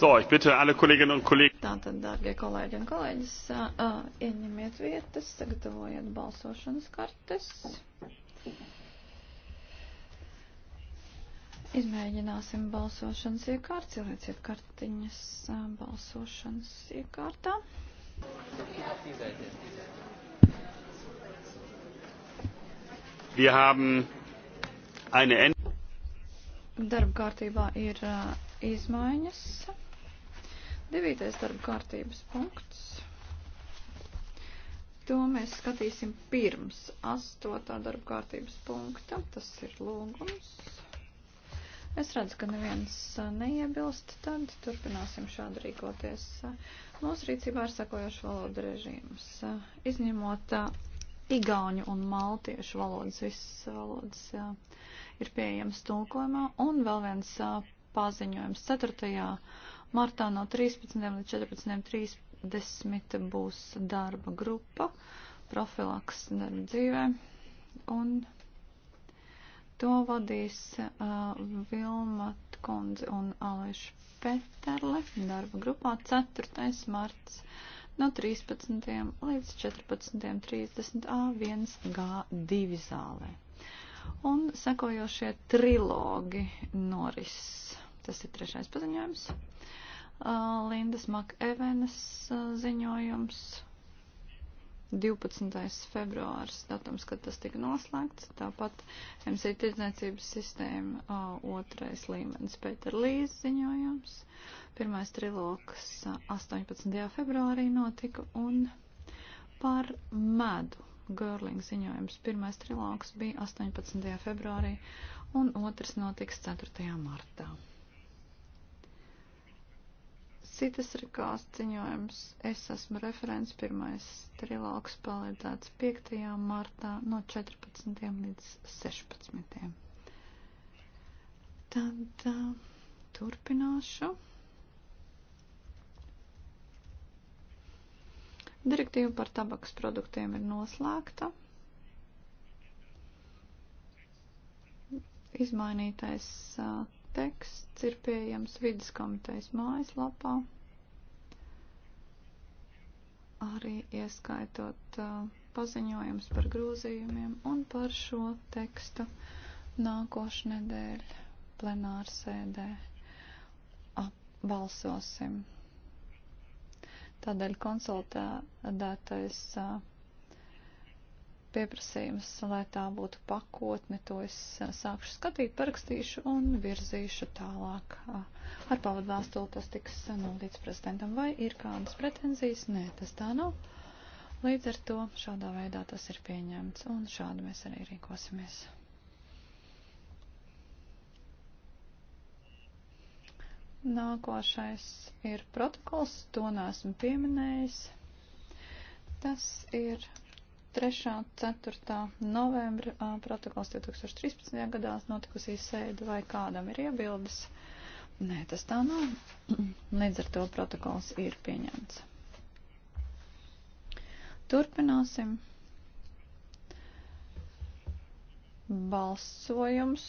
So, ich bitte alle Kolleginnen un kolēģi. Tātad, dārgie kolēģi un kolēģis, uh, ieņemiet vietas, sagatavojiet balsošanas kartes. Izmēģināsim balsošanas iekārtas, ielieciet kartiņas uh, balsošanas iekārtā. Wir haben eine Darba kārtībā ir uh, izmaiņas. Devītais darba kārtības punkts. To mēs skatīsim pirms astotā darba kārtības punkta. Tas ir lūgums. Es redzu, ka neviens neiebilst, tad turpināsim šādi rīkoties. Mūsu rīcībā ir sakojošs valoda režīms. Izņemot igauņu un maltiešu valodas, visas valodas jā, ir pieejamas tulkojumā. Un vēl viens paziņojums. Ceturtajā Martā no 13. līdz 14.30 būs darba grupa profilaks darba dzīvē. Un to vadīs uh, Vilma Kondze un Aleš Peterle darba grupā 4. marts no 13. līdz 14.30 A1G2 zālē. Un sekojošie trilogi noris. Tas ir trešais paziņojums. Lindas Makevenas ziņojums. 12. februārs datums, kad tas tika noslēgts. Tāpat MC tirdzniecības sistēma otrais līmenis Pēter Līs ziņojums. Pirmais triloks 18. februārī notika un par medu. Görling ziņojums. Pirmais triloks bija 18. februārī un otrs notiks 4. martā. Citas rakās ziņojums. Es esmu referents. Pirmais trilogs palīdzēts 5. martā no 14. līdz 16. Tad uh, turpināšu. Direktīva par tabakas produktiem ir noslēgta. Izmainītais uh, teksts ir pieejams vidas komitejas mājaslapā, arī ieskaitot uh, paziņojums par grozījumiem un par šo tekstu nākošu nedēļu plenārsēdē balsosim. Tādēļ konsultētais uh, pieprasījums, lai tā būtu pakotne, to es sākšu skatīt, parakstīšu un virzīšu tālāk. Ar pavadu vēstuli tas tiks nodīts prezidentam. Vai ir kādas pretenzijas? Nē, tas tā nav. Līdz ar to šādā veidā tas ir pieņemts un šādi mēs arī rīkosimies. Nākošais ir protokols, to neesmu pieminējis. Tas ir 3. 4. novembra protokols 2013. gadā notikusī sēde vai kādam ir iebildes. Nē, tas tā nav. Līdz ar to protokols ir pieņemts. Turpināsim. Balsojums.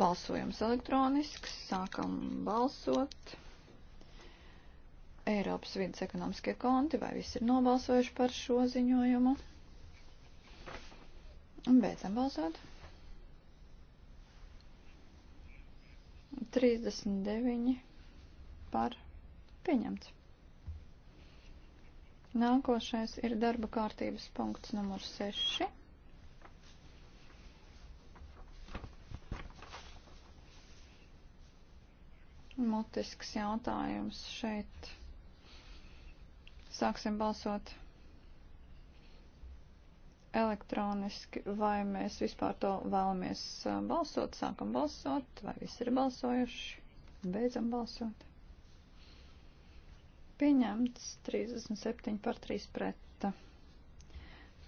Balsojums elektronisks. Sākam balsot. Eiropas vidas ekonomiskie konti, vai visi ir nobalsojuši par šo ziņojumu? Beidzam balsot. 39 par pieņemts. Nākošais ir darba kārtības punkts numur 6. mutisks jautājums šeit Sāksim balsot elektroniski, vai mēs vispār to vēlamies balsot, sākam balsot, vai visi ir balsojuši, beidzam balsot. Pieņemts 37 par 3 preta.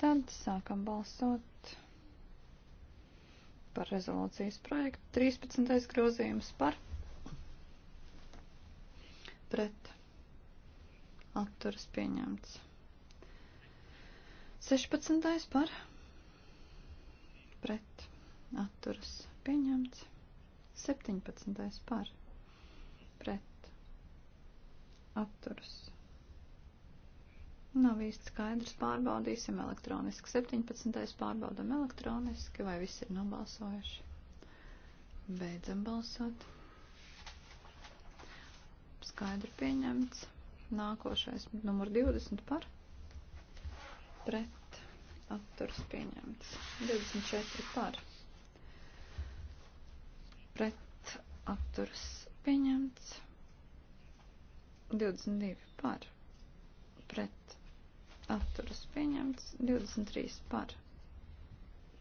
Tad sākam balsot par rezolūcijas projektu. 13. grozījums par pret atturas pieņemts. 16. par pret atturas pieņemts. 17. par pret atturas. Nav īsti skaidrs, pārbaudīsim elektroniski. 17. pārbaudam elektroniski, vai viss ir nobalsojuši. Beidzam balsot. Skaidri pieņemts. Nākošais, numur 20 par. Pret. Atturs pieņemts. 24 par. Pret. Atturs pieņemts. 22 par. Pret. Atturs pieņemts. 23 par.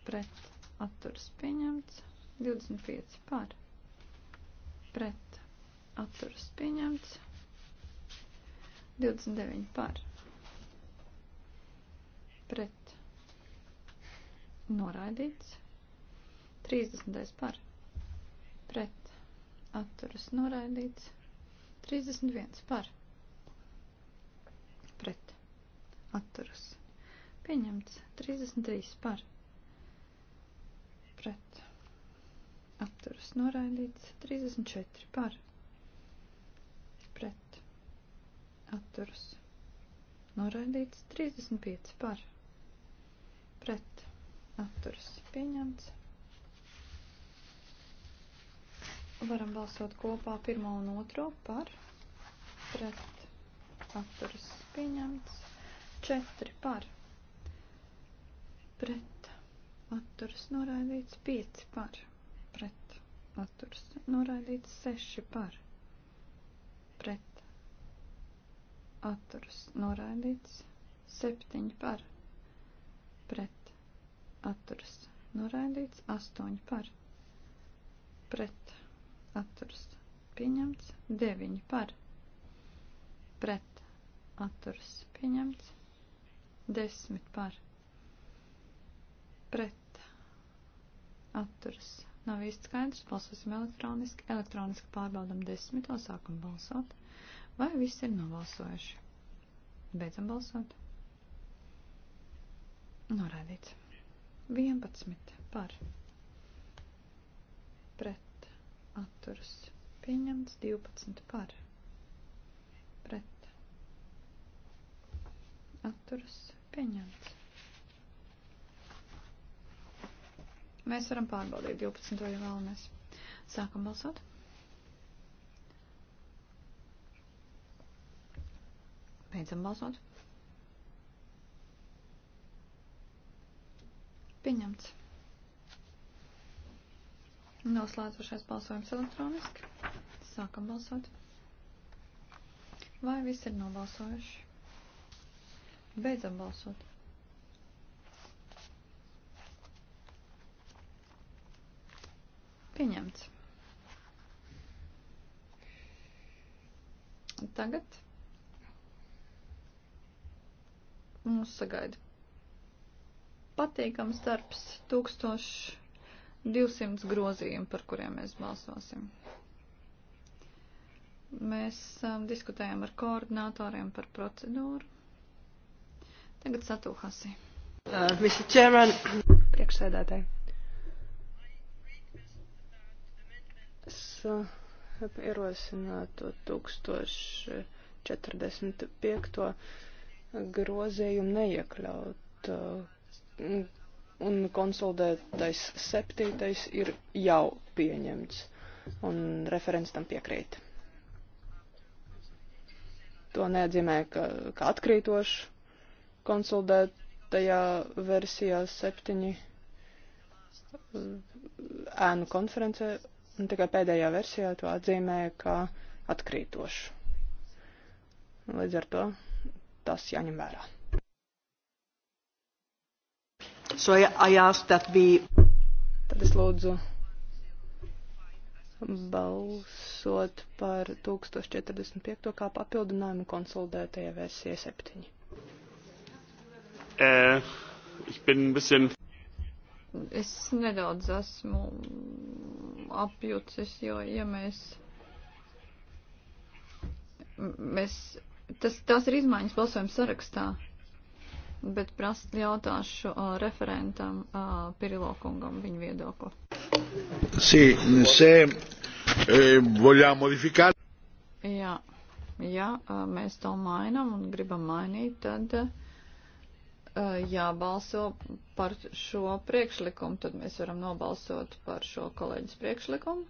Pret. Atturs pieņemts. 25 par. Pret. Atturs pieņemts. 29 par. Pret. Noraidīts. 30 par. Pret. Atturas noraidīts. 31 par. Pret. Atturas. Pieņemts. 33 par. Pret. Atturas noraidīts. 34 par atturas noraidīts 35 par pret atturas pieņemts. Varam balsot kopā pirmo un otro par pret atturas pieņemts. 4 par pret atturas noraidīts 5 par pret atturas noraidīts 6 par pret atturas noraidīts. 7 par pret atturas noraidīts. 8 par pret atturas pieņemts. 9 par pret atturas pieņemts. 10 par pret atturas nav īsti skaidrs. Balsosim elektroniski. Elektroniski pārbaudam 10. Sākam balsot. Vai viss ir nobalsojuši? Beidzam balsot. Norādīts. 11 par. Pret. Atturs. Pieņemts 12 par. Pret. Atturs. Pieņemts. Mēs varam pārbaudīt 12, ja vēlamies. Sākam balsot. Beidzam balsot. Pieņemts. Noslēdzošais balsojums elektroniski. Sākam balsot. Vai viss ir nobalsojuši? Beidzam balsot. Pieņemts. Tagad mūs sagaida patīkams darbs, 1200 grozījumi, par kuriem mēs balsosim. Mēs um, diskutējam ar koordinātoriem par procedūru. Tagad satūhasi. Uh, Mr. Chairman. Priekšsēdētāji. Es uh, ierosinātu 1045 grozījumu neiekļaut. Uh, un konsolidētais septītais ir jau pieņemts, un referents tam piekrīt. To neatzīmē, ka, ka atkrītoši konsolidētajā versijā septiņi uh, ēnu konferencē, un tikai pēdējā versijā to atzīmē, ka atkrītoši. Līdz ar to tas jāņem vērā. So I ask that we... Tad es lūdzu balsot par 1045. kā papildinājumu konsolidētajai versijai 7. Uh, eh, bisschen... Es nedaudz esmu apjucis, jo ja mēs, mēs tas, tās ir izmaiņas balsojuma sarakstā, bet prast jautāšu uh, referentam uh, Pirilo kungam viņu viedokli. Sì, se eh, vogliamo modificare. Jā, ja uh, mēs to mainam un gribam mainīt, tad uh, jābalso par šo priekšlikumu, tad mēs varam nobalsot par šo kolēģis priekšlikumu.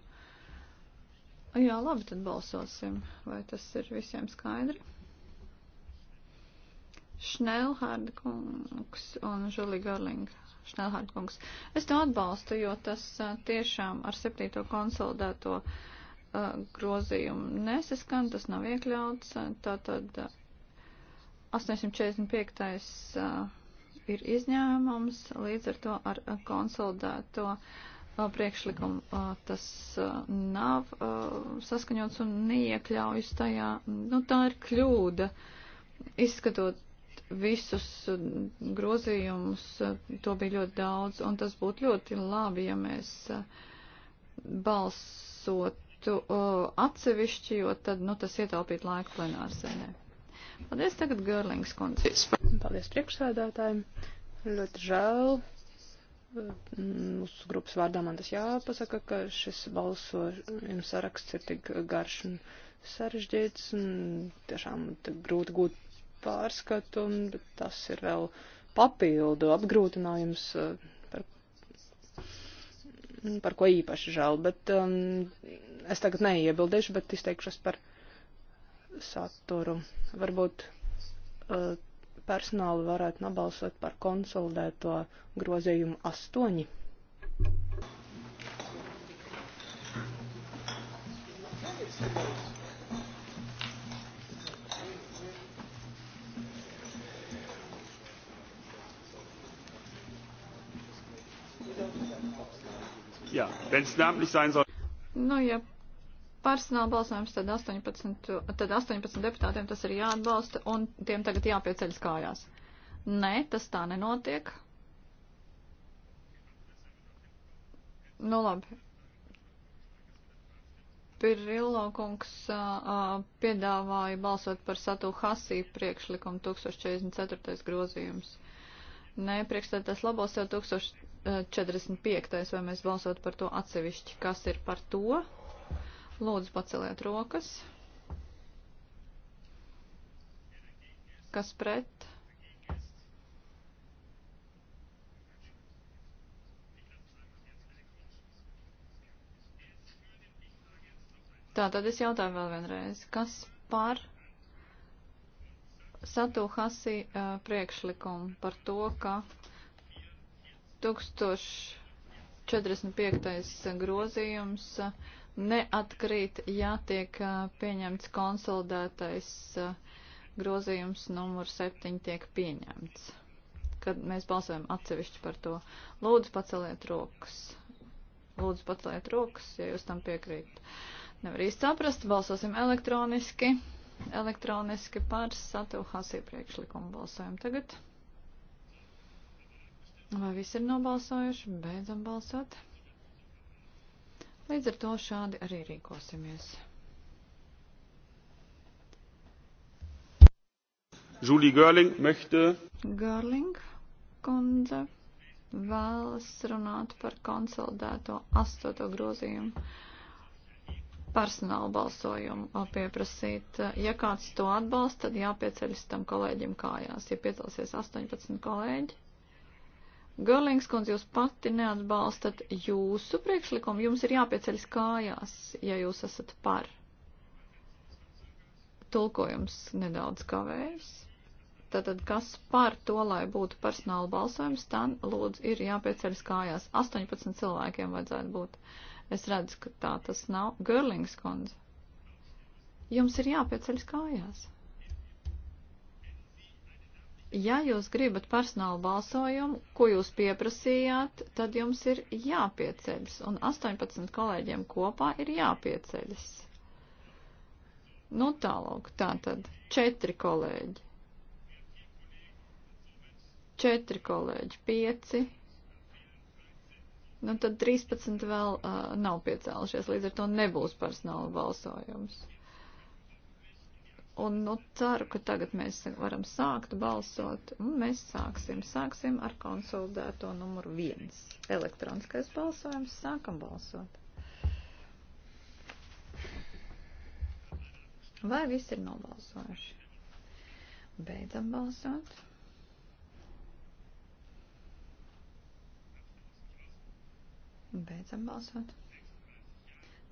Jā, labi, tad balsosim. Vai tas ir visiem skaidri? Šnelhārda kungs un Žulija Garlinga. Šnelhārda kungs. Es to atbalstu, jo tas eh, tiešām ar septīto konsolidēto uh, grozījumu nesaskan, tas nav iekļauts. Tātad 845. Uh, eh, ir izņēmums, līdz ar to ar konsolidēto priekšlikumu tas nav saskaņots un neiekļaujas tajā. Nu, tā ir kļūda. Izskatot visus eh, grozījumus, eh, to bija ļoti daudz, un tas būtu ļoti labi, ja mēs eh, balsotu atsevišķi, jo tad, nu, tas ietaupītu laiku plenārsēnē. Paldies tagad Görlings kundze. Paldies priekšsēdētājiem. Ļoti žēl. Mūsu grupas vārdā man tas jāpasaka, ka šis balsojums saraksts ir tik garš un sarežģīts un tiešām grūti gūt pārskatu, un tas ir vēl papildu apgrūtinājums, eh, par, par ko īpaši žēl. Bet um, es tagad neiebildīšu, bet izteikšos par saturu. Varbūt uh, personāli varētu nobalsot par konsolidēto grozījumu astoņi. Thank you. Ja, wenn es namentlich sein soll. Nu, ja personāla balsojums, tad 18, tad 18 deputātiem tas ir jāatbalsta un tiem tagad jāpieceļas kājās. Nē, tas tā nenotiek. Nu labi. Pirillo kungs uh, piedāvāja balsot par Satu Hasī priekšlikumu 1044. grozījums. Nē, priekšstādātājs labos jau 1000. 45. vai mēs balsot par to atsevišķi. Kas ir par to? Lūdzu, paceliet rokas. Kas pret? Tā, tad es jautāju vēl vienreiz. Kas par Satu Hasi uh, priekšlikumu par to, ka uh, 1045. grozījums neatkrīt, ja tiek pieņemts konsolidētais grozījums numur 7 tiek pieņemts. Kad mēs balsojam atsevišķi par to, lūdzu paceliet rokas. Lūdzu paceliet rokas, ja jūs tam piekrīt. Nevar īsti saprast, balsosim elektroniski. Elektroniski par Satuhas iepriekšlikumu balsojam tagad. Vai visi ir nobalsojuši? Beidzam balsot. Līdz ar to šādi arī rīkosimies. Julie Görling möchte. Görling kundze vēlas runāt par konsolidēto astoto grozījumu personāla balsojumu pieprasīt. Ja kāds to atbalsta, tad jāpieceļas tam kolēģim kājās. Ja piecelsies 18 kolēģi, Galings, kundze, jūs pati neatbalstat jūsu priekšlikumu, jums ir jāpieceļas kājās, ja jūs esat par. Tulkojums nedaudz kavējas. Tātad, kas par to, lai būtu personāla balsojums, tad lūdzu ir jāpieceļas kājās. 18 cilvēkiem vajadzētu būt. Es redzu, ka tā tas nav. Girlings, kundze, jums ir jāpieceļas kājās ja jūs gribat personālu balsojumu, ko jūs pieprasījāt, tad jums ir jāpieceļas, un 18 kolēģiem kopā ir jāpieceļas. Nu tālāk, tā tad četri kolēģi. Četri kolēģi, pieci. Nu tad 13 vēl uh, nav piecēlušies, līdz ar to nebūs personāla balsojums. Un nu, ceru, ka tagad mēs varam sākt balsot, un mēs sāksim. Sāksim ar konsolidēto numuru viens. Elektroniskais balsojums, sākam balsot. Vai visi ir nobalsojuši? Beidzam balsot. Beidzam balsot.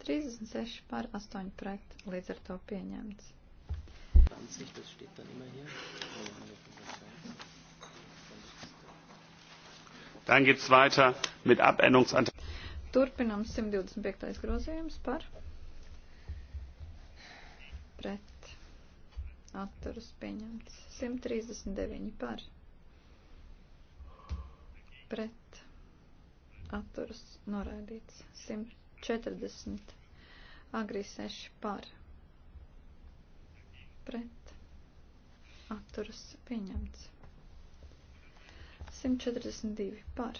36 pār 8 pret, līdz ar to pieņemts. 20, das steht dann immer hier. Dann geht es weiter mit Abänderungsantrag. Turpinam 125. grozījums par pret atturus pieņemts. 139 par pret atturus noraidīts. 140 agri 6 par pret pret atturas pieņemts. 142 par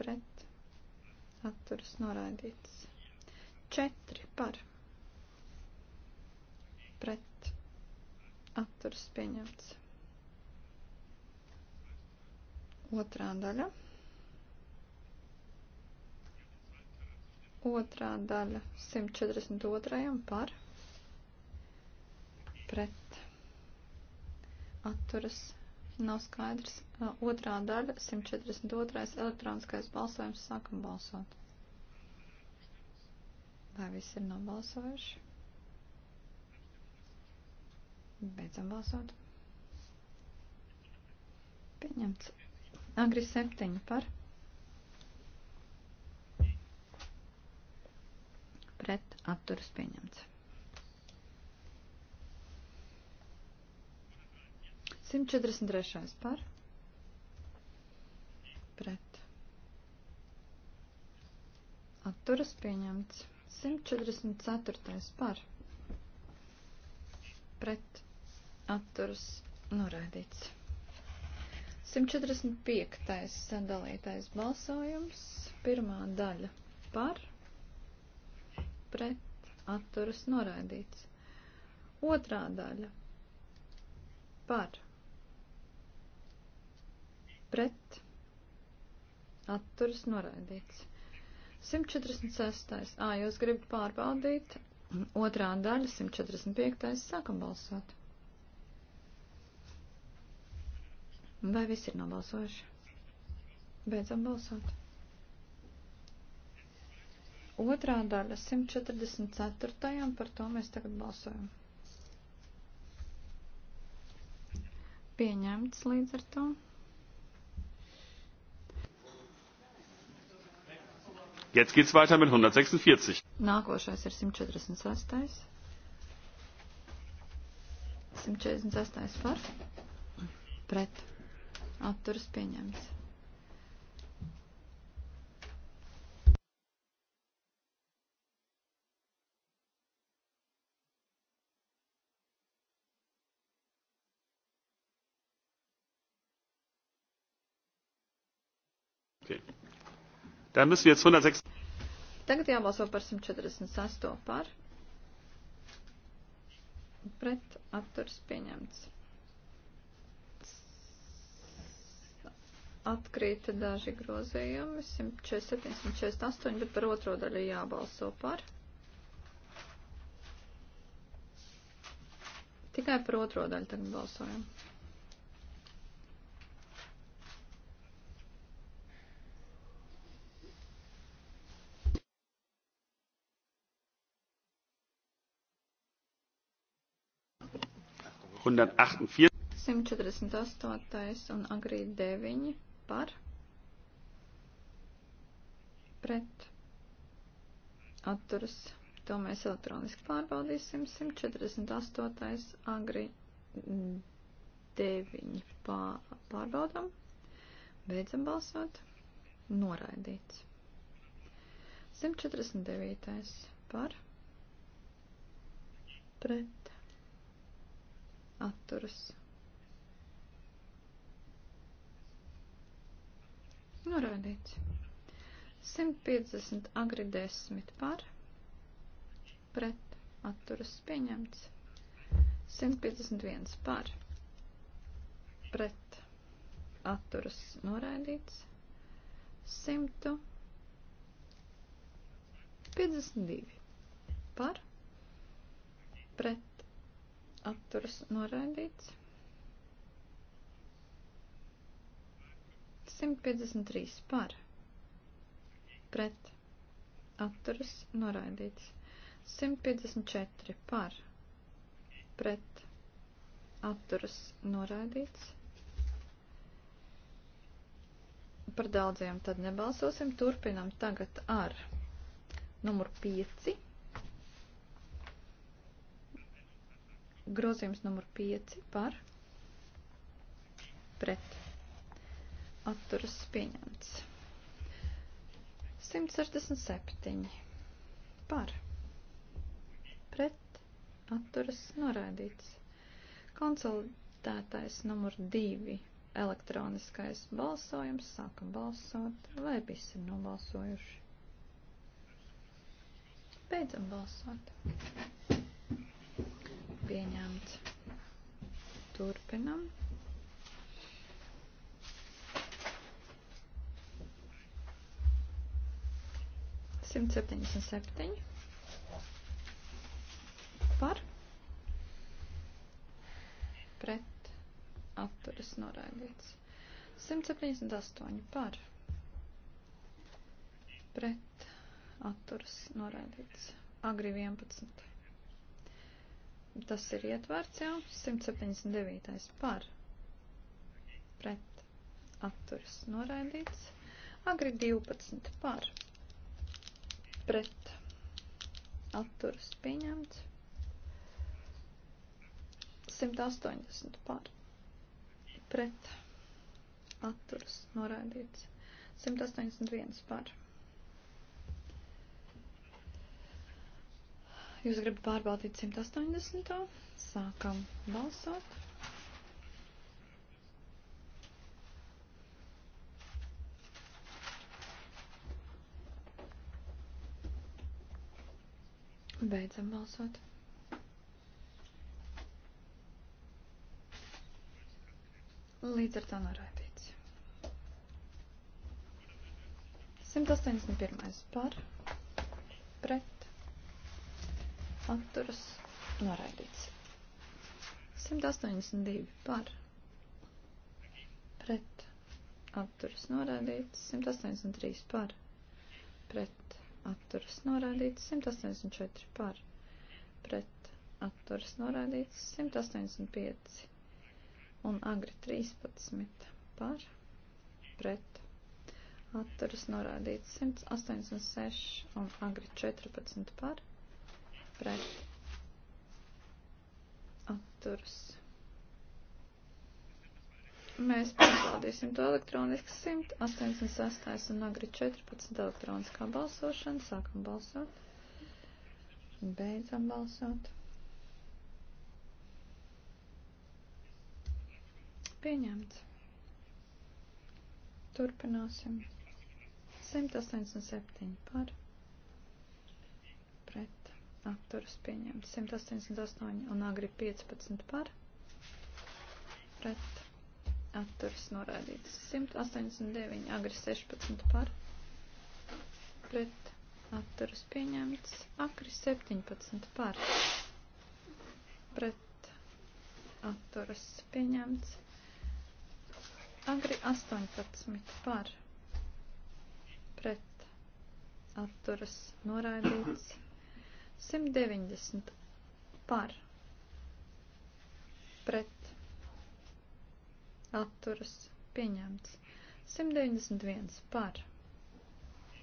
pret atturas noraidīts. 4 par pret atturas pieņemts. Otrā daļa. Otrā daļa 142 par pret pret atturas nav skaidrs. Otrā daļa, 142. elektroniskais balsojums, sākam balsot. Vai visi ir nobalsojuši? Beidzam balsot. Pieņemts. Agri septiņi par. Pret atturas pieņemts. 143. par pret atturas pieņemts. 144. par pret atturas norādīts. 145. sadalītais balsojums, pirmā daļa par pret atturas norādīts. Otrā daļa par pret pret atturas noraidīts. 146. Ā, jūs gribat pārbaudīt otrā daļa, 145. sākam balsot. Vai visi ir nobalsojuši? Beidzam balsot. Otrā daļa 144. par to mēs tagad balsojam. Pieņemts līdz ar to. Jetzt geht's weiter mit 146. Nākošais ir 146. 146 par. Pret. Atturas pieņemts. Okay. Dann müssen wir jetzt 106. Tagad jābalso par 146. par. Pret atturs pieņemts. Atkrīta daži grozījumi 147, 148, bet par otro daļu jābalso par. Tikai par otro daļu tagad balsojam. 148. 148 un agrī 9 par pret atturas. To mēs elektroniski pārbaudīsim. 148. agri 9 pārbaudam. Beidzam balsot. Noraidīts. 149. par pret atturas. Norādīts. 150 agri 10 par, pret atturas pieņemts. 151 par, pret atturas noraidīts. 152 par, pret atturas noraidīts. 153 par pret atturas noraidīts. 154 par pret atturas noraidīts. Par daudziem tad nebalsosim. Turpinam tagad ar numuru 5 Grozījums numur 5 par pret atturas pieņemts. 167 par pret atturas noraidīts. Konsolidētais numur 2 elektroniskais balsojums. Sākam balsot. Vai visi ir nobalsojuši? Beidzam balsot. Pieņemts. Turpinam. Simt septiņdesmit septiņi. Par. Pret. Atturas noraidīts. 178 par pret atturas noraidīts. Agri 11 Tas ir ietverts jau 179. par pret atturas noraidīts. Agri 12 par pret atturas pieņemts. 180 par pret atturas noraidīts. 181 par pret Jūs gribat pārbaudīt 180. Sākam balsot. Beidzam balsot. Līdz ar to noraidīts. 181. par pret atturas noraidīts. 182 par pret atturas noraidīts. 183 par pret atturas noraidīts. 184 par pret atturas noraidīts. 185 un agri 13 par pret atturas norādīts 186 un agri 14 par pret atturas. Mēs pārbaudīsim to elektroniski 186 un agri 14 elektroniskā balsošana. Sākam balsot. Beidzam balsot. Pieņemts. Turpināsim. 187 par atturas pieņemts. 188 un agri 15 par pret atturas norādīts. 189 agri 16 par pret atturas pieņemts. Agri 17 par pret atturas pieņemts. Agri 18 par pret atturas noraidīts. 190 par pret atturas pieņemts. 191 par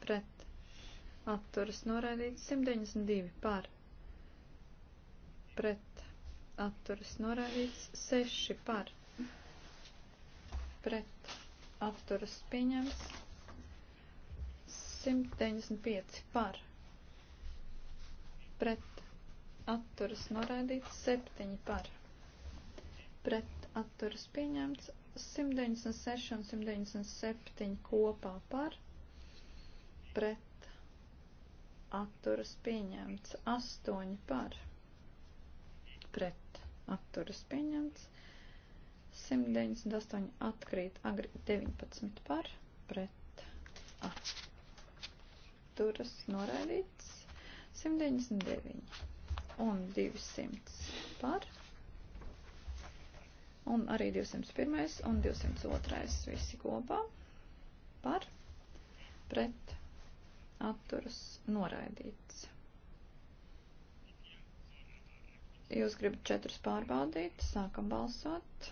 pret atturas noraidīts. 192 par pret atturas noraidīts. 6 par pret atturas pieņemts. 195 par pret pret atturas noraidīts, 7 par pret atturas pieņemts, 196 un 197 kopā par pret atturas pieņemts, 8 par pret atturas pieņemts, 198 atkrīt, agri 19 par pret atturas noraidīts. 199 un 200 par. Un arī 201 un 202 visi kopā par. Pret atturas noraidīts. Jūs gribat četrus pārbaudīt, sākam balsot.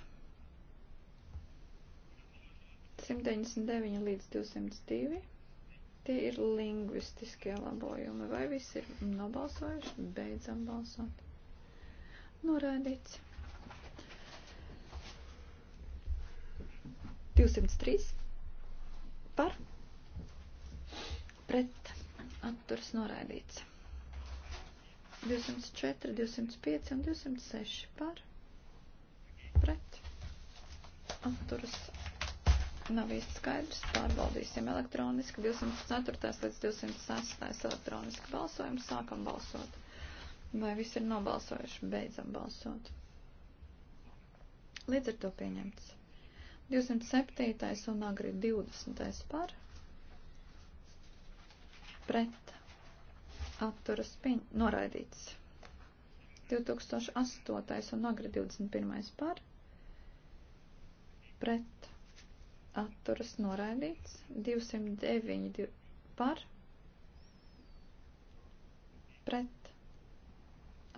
199 līdz 202. Tie ir lingvistiskie labojumi. Vai visi ir nobalsojuši? Beidzam balsot. Norādīts. 203 par pret atturas norādīts. 204, 205 un 206 par pret atturas norādīts nav īsti skaidrs. Pārbaudīsim elektroniski. 204. līdz 206. elektroniski balsojums. Sākam balsot. Vai viss ir nobalsojuši? Beidzam balsot. Līdz ar to pieņemts. 207. un agri 20. par. Pret. Atturas piņ. Noraidīts. 2008. un agri 21. par. Pret atturas noraidīts. 209 par pret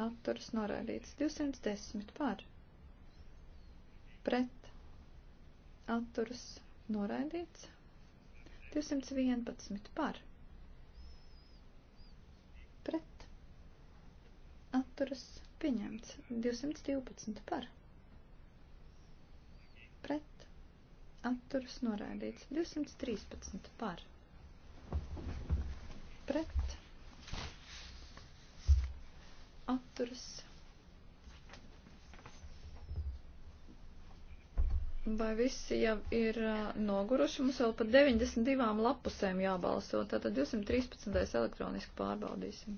atturas noraidīts. 210 par pret atturas noraidīts. 211 par pret atturas pieņemts. 212 par pret atturas noraidīts. 213 par pret atturas. Vai visi jau ir noguruši? Mums vēl par 92 lapusēm jābalso, tātad 213. elektroniski pārbaudīsim.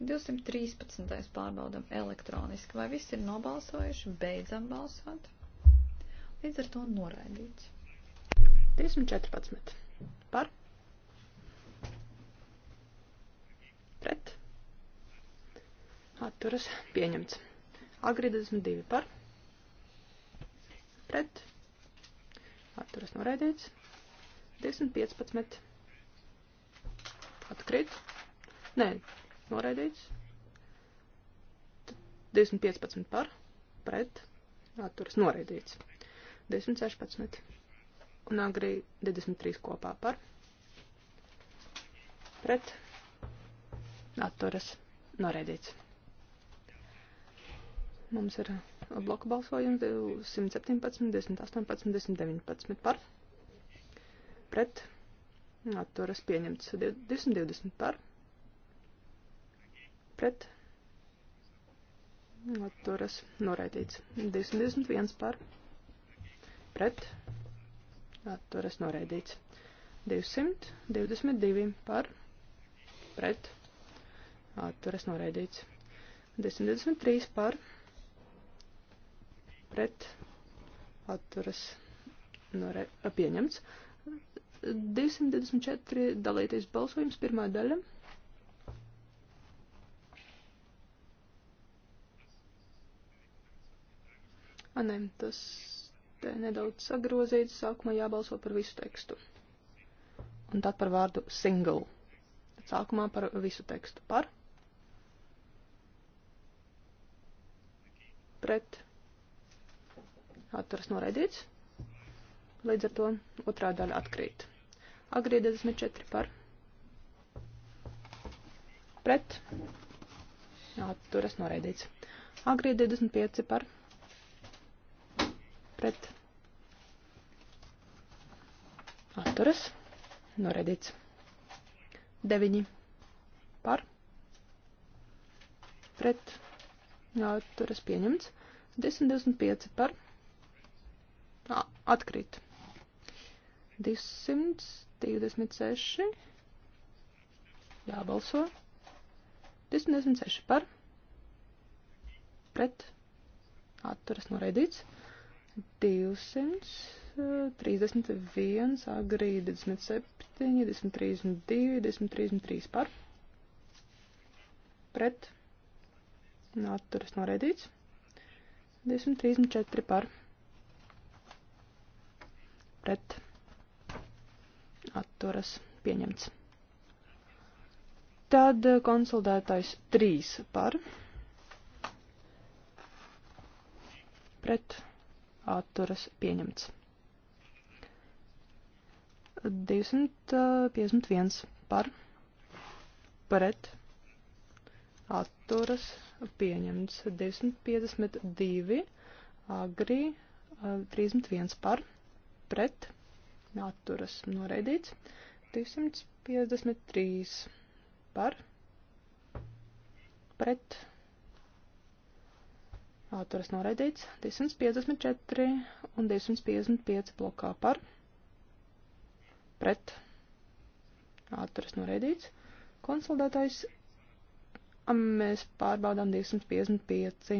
213. pārbaudam elektroniski. Vai visi ir nobalsojuši? Beidzam balsot. Līdz ar to noraidīts. 214. Par. Pret. Atturas pieņemts. Agri 22 par. Pret. Atturas noraidīts. 215. Atkrīt. Nē, noraidīts. 215 par. Pret. Atturas noraidīts. 10, 16 un agri 23 kopā par pret atturas noraidīts. Mums ir bloku balsojums 117, 10, 18, 10, 19 par pret atturas pieņemts 220 par pret atturas noraidīts 221 par pret pret atturas noraidīts. 222 par pret atturas noraidīts. 223 par pret atturas norē, pieņemts. 224 dalīties balsojums pirmā daļa. A, nē, tas tekstē nedaudz sagrozīts, sākumā jābalso par visu tekstu. Un tad par vārdu single. Sākumā par visu tekstu. Par. Pret. Atturas noraidīts. Līdz ar to otrā daļa atkrīt. Agrī 24 par. Pret. Atturas noraidīts. Agrī 25 par pret Atturas. Noredīts. 9. Par. Pret. Atturas pieņemts. 10, 25 par. Ā, atkrīt. 226. Jābalso. 226 par. Pret. Atturas noraidīts. 200. 31, agrī 27, 10, 32, 10, 33 par. Pret. Nu, atturas noraidīts. 10, 34 par. Pret. Atturas pieņemts. Tad eh, konsultētājs 3 par. Pret atturas pieņemts. 251 eh, par pret atturas pieņemts 252 agri 31 eh, par pret atturas noraidīts 253 par pret atturas noraidīts 254 un 255 blokā par pret pret atturas noraidīts. Konsolidētais mēs pārbaudām 255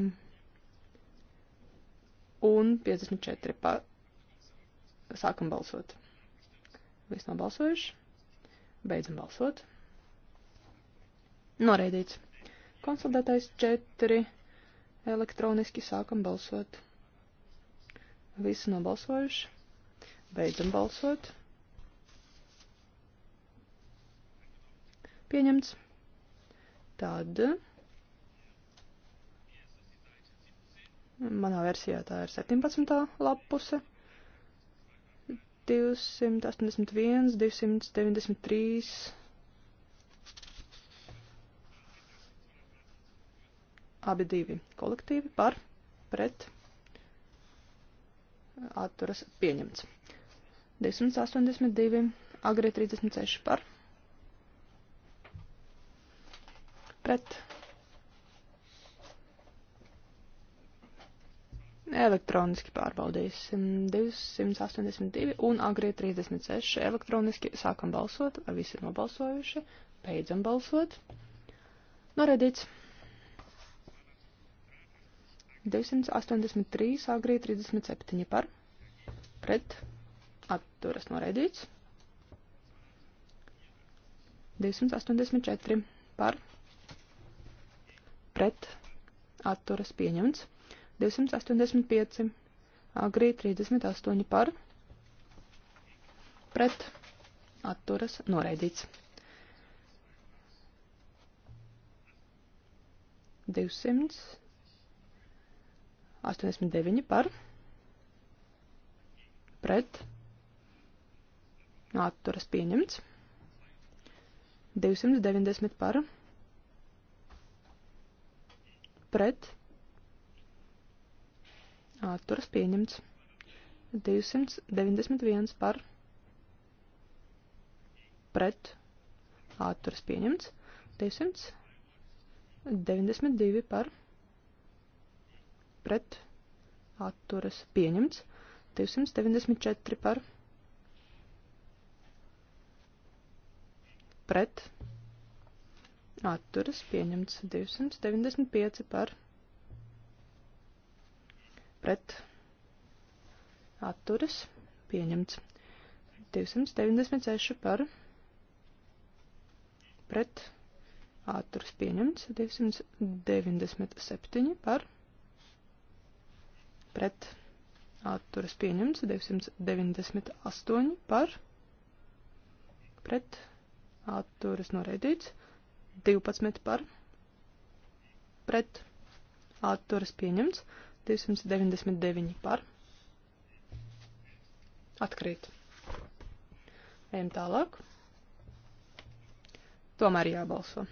un 54. Pa... Sākam balsot. Viss nav balsojuši. Beidzam balsot. Noreidīts. Konsolidētais 4. Elektroniski sākam balsot. Visi nobalsojuši. Beidzam balsot. Pieņemts. Tad. Manā versijā tā ir 17. lapuse. 281, 293. Abi divi kolektīvi par, pret, atturas pieņemts. 282, agri 36 par pret. Elektroniski pārbaudīsim 282 un agrie 36. Elektroniski sākam balsot, vai visi ir nobalsojuši, beidzam balsot. Noredīts. 283, agrie 37 par, pret, atturas noredīts. 284 par, pret atturas pieņemts. 285 agrī 38 par pret atturas noraidīts. 289 par pret atturas pieņemts. 290 par pret pret atturas pieņemts. 291 par pret atturas pieņemts. 292 par pret atturas pieņemts. 294 par pret atturas pieņemts 295 par pret atturas pieņemts 296 par pret atturas pieņemts 297 par pret atturas pieņemts 298 par pret atturas noraidīts 299. 12 par pret atturas pieņemts, 299 par atkrīt. Ejam tālāk. Tomēr jābalso.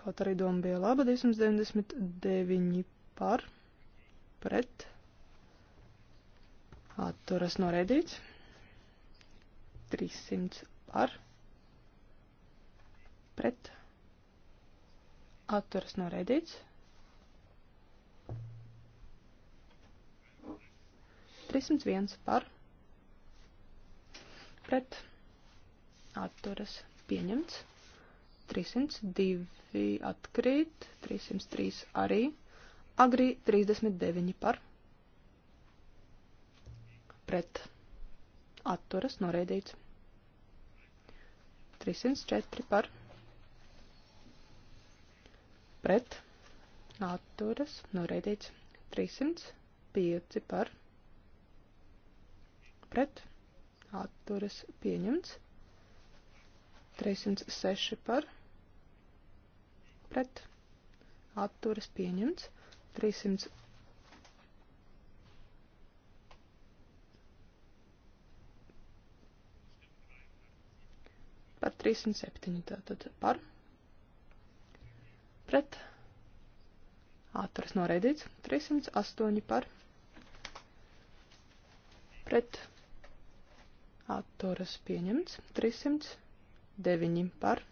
Kaut arī doma bija laba, 299 par pret atturas noraidīts, 300 par pret pret atturas noraidīts. 301 par pret atturas pieņemts. 302 atkrīt, 303 arī, agrī 39 par pret atturas noraidīts. 304 par pret pret atturas noraidīts 305 par pret atturas pieņemts 306 par pret atturas pieņemts 300 par 307 tātad par pret pret atturas noraidīts 308 par pret atturas pieņemts 309 par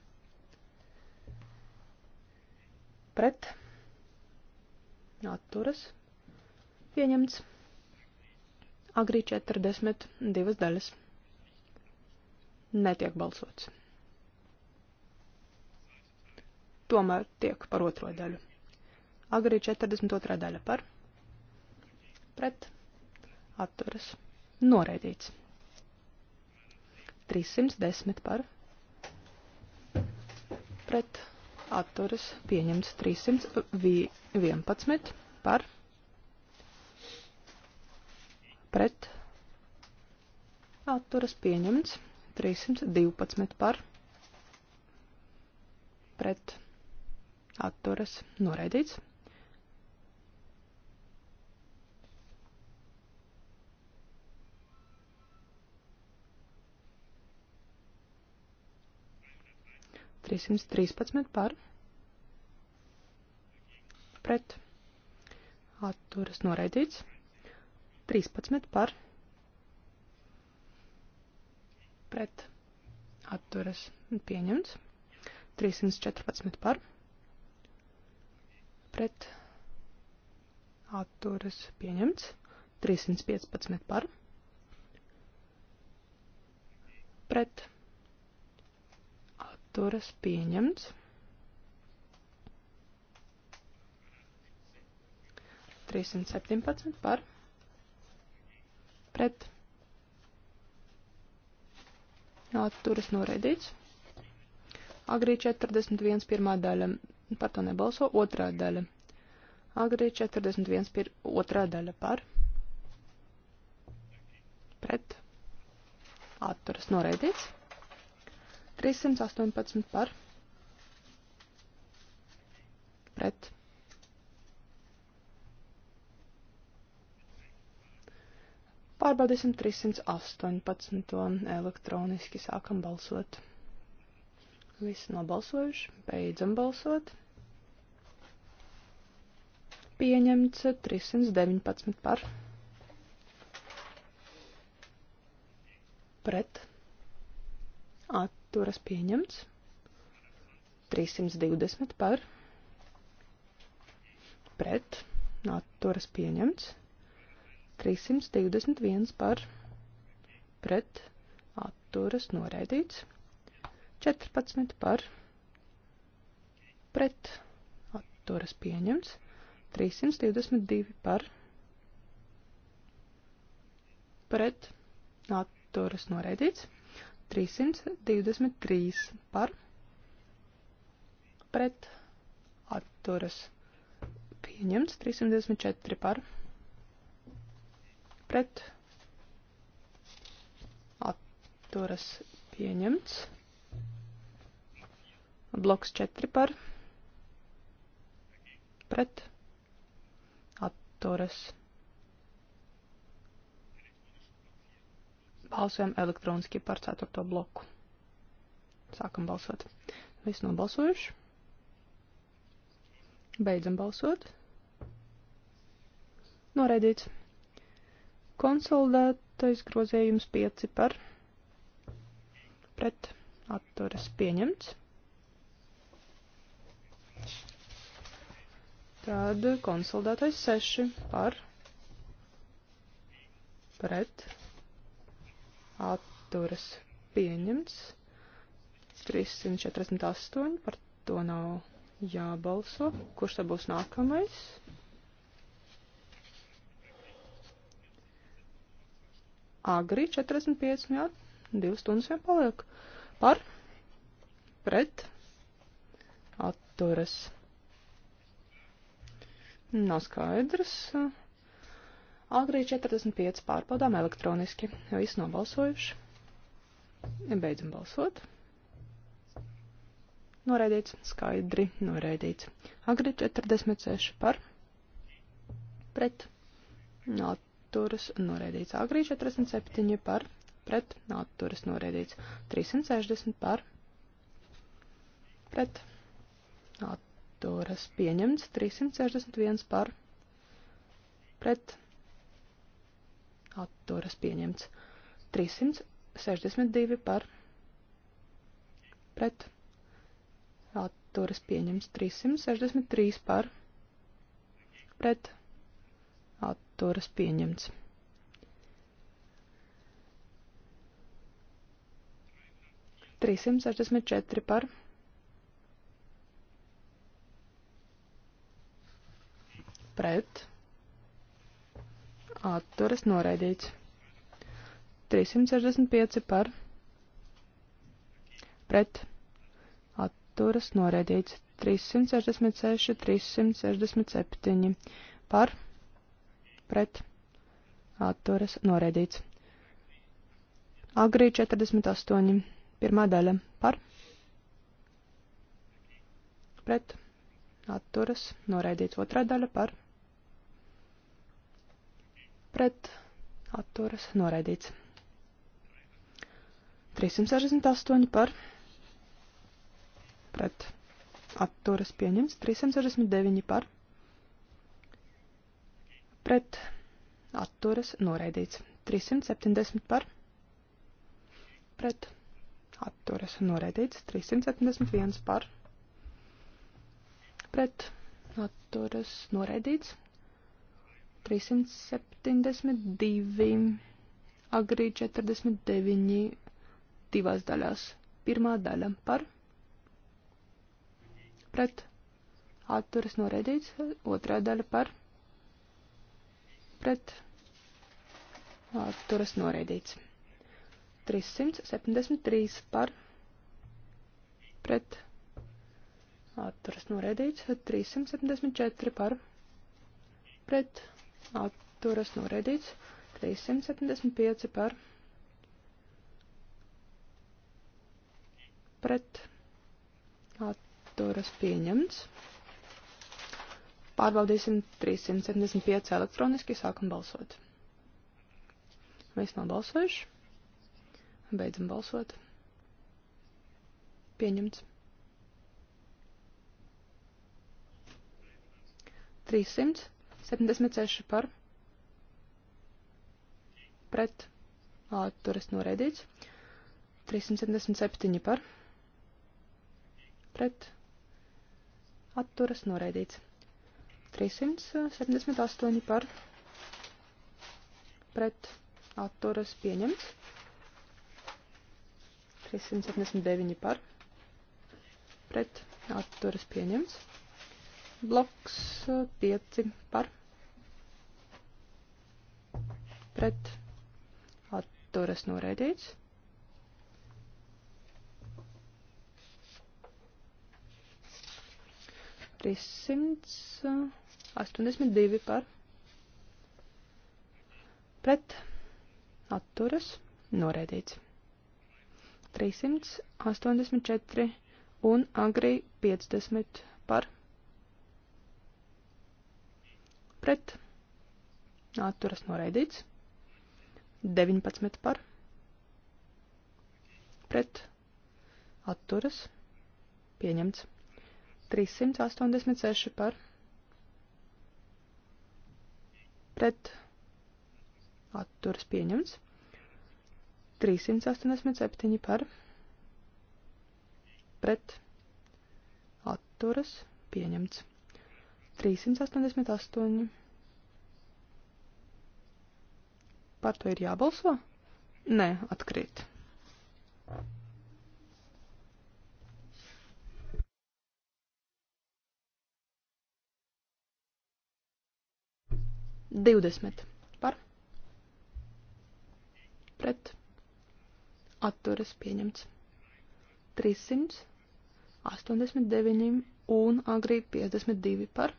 pret atturas pieņemts agrī 40 divas daļas netiek balsots. tomēr tiek par otro daļu. Agri 42. daļa par, pret, atturas, noraidīts. 310 par, pret, atturas, pieņemts 311 par, pret, atturas, pieņemts 312 par, pret, atturas, atturas noraidīts. Trīsimt trīspadsmit par pret atturas noraidīts. Trīspadsmit par pret atturas pieņemts. 314 par pret atturas pieņemts. 315 par pret atturas pieņemts. 317 par pret atturas noraidīts. Agrī 41. pirmā daļa Par to nebalso. Otrā daļa. Agri 41 pir otrā daļa par. Pret. Atturas noraidīts. 318 par. Pret. Pārbaudīsim 318 elektroniski sākam balsot. Visi nobalsojuši, beidzam balsot. Pieņemts 319 par. Pret. Atturas pieņemts. 320 par. Pret. Atturas pieņemts. 321 par. Pret. Atturas noraidīts. 14 par pret atturas pieņemts, 322 par pret atturas noraidīts, 323 par pret atturas pieņemts, 324 par pret atturas pieņemts. Bloks 4 par pret atturas. Balsojam elektroniski par 4. bloku. Sākam balsot. Viss nobalsojuši. Beidzam balsot. Noraidīts. Konsolidētais grozējums 5 par pret atturas pieņemts. Tad konsolidētais 6 par pret atturas pieņemts. 348 par to nav jābalso. Kurš tad būs nākamais? Agri 45, jā, 2 stundas jau paliek. Par pret atturas pieņemts Nav skaidrs. Agrī 45 pārbaudām elektroniski. Jau viss nobalsojuši. Beidzam balsot. Noraidīts, skaidri noraidīts. Agri 46 par. Pret. Atturas noraidīts. Agri 47 par. Pret. Atturas noraidīts. 360 par. Pret. Atturas atturas pieņemts 361 par pret atturas pieņemts 362 par pret atturas pieņemts 363 par pret atturas pieņemts. 364 par pret pret, atturas noraidīts. 365 par, pret, atturas noraidīts. 366, 367 par, pret, atturas noraidīts. Agrī 48, pirmā daļa par, pret, atturas noraidīts. Otrā daļa par, pret pret atturas noraidīts. 368 par pret atturas pieņemts, 369 par pret atturas noraidīts, 370 par pret atturas noraidīts, 371 par pret atturas noraidīts. 372, agrī 49, divās daļās. Pirmā daļa par, pret, atturas noraidīts, otrā daļa par, pret, atturas noraidīts. 373 par, pret, atturas noraidīts, 374 par, pret, atturas noraidīts 375 par pret atturas pieņemts. Pārbaudīsim 375 elektroniski, sākam balsot. Mēs nav balsojuši. Beidzam balsot. Pieņemts. 300 76 par pret atturas noraidīts. 377 par pret atturas noraidīts. 378 par pret atturas pieņemts. 379 par pret atturas pieņemts. Bloks 5 uh, par pret atturas noraidīts. Trīssimts astoņdesmit divi par pret atturas noraidīts. 384 un agrī 50 par pret atturas noraidīts. 19 par pret atturas pieņemts 386 par pret atturas pieņemts 387 par pret atturas pieņemts 388 Par to ir jābalso? Nē, atkrīt. Divdesmit par pret atturas pieņemts. 389 un agrī 52 par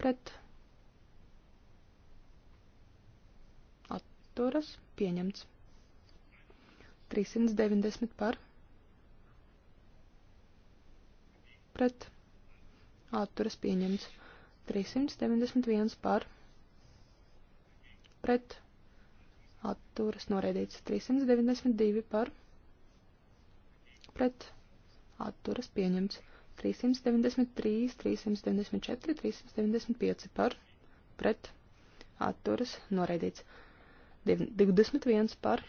pret atturas pieņemts. 390 par pret atturas pieņemts. 391 par pret atturas noraidīts. 392 par pret atturas pieņemts. 393, 394, 395 par pret atturas noraidīts. 21 par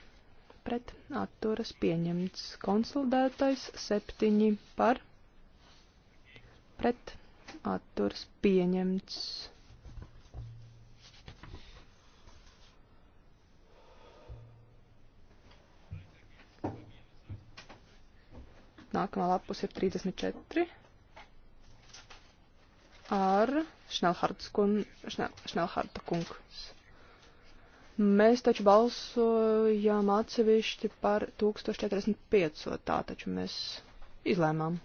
pret atturas pieņemts. Konsolidētais 7 par pret atturas pieņemts. Nākamā lapus ir 34 ar Šnelharta kungu. Mēs taču balsojām atsevišķi par 1045. Tā taču mēs izlēmām. No,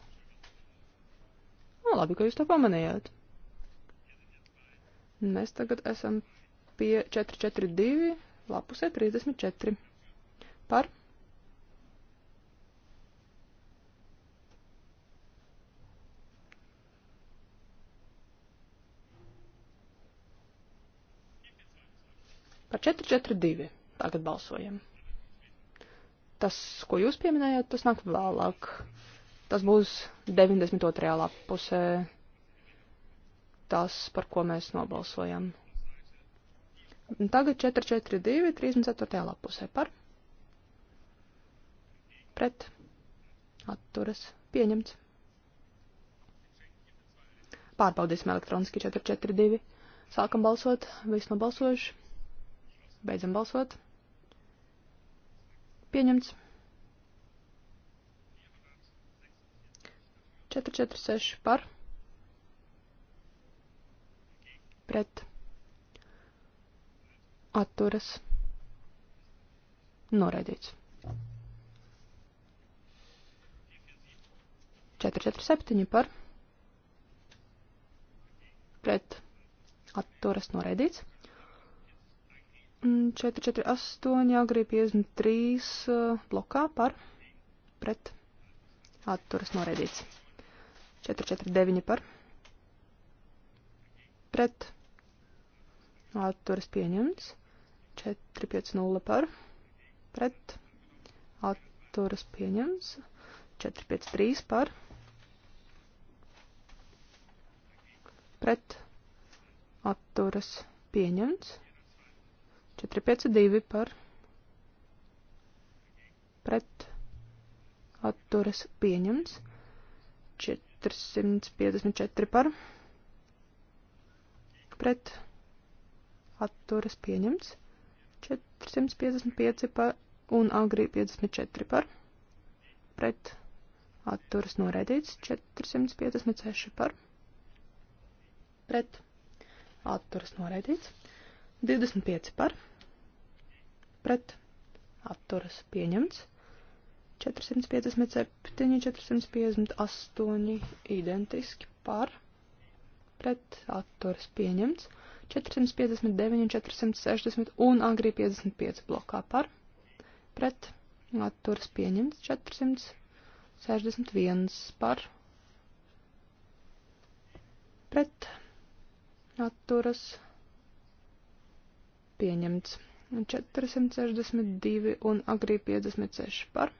nu, labi, ka jūs to pamanījāt. Mēs tagad esam pie 442, lapusē 34. Par? Par 442 tagad balsojam. Tas, ko jūs pieminējāt, tas nāk vēlāk. Tas būs 92. lapusē tas, par ko mēs nobalsojam. Tagad 442, 34. lapusē par. Pret. Atturas. Pieņemts. Pārbaudīsim elektroniski 442. Sākam balsot. Viss nobalsojuši. Beidzam balsot. Pieņemts. 446 par. Pret. Atturas. Noraidīts. 447 par. Pret. Atturas noraidīts. 448, agrī 53 blokā par pret atturas noraidīts. 449 par pret atturas pieņemts. 450 par pret atturas pieņemts. 453 par pret atturas pieņemts. 452 par pret atturas pieņemts. 454 par pret atturas pieņemts. 455 par un agri 54 par pret atturas noraidīts. 456 par pret atturas noraidīts. 25 par pret pret atturas pieņemts. 457, 458 identiski par pret atturas pieņemts. 459, 460 un agrī 55 blokā par pret atturas pieņemts. 461 par pret atturas pieņemts. 462 un agrī 56 par.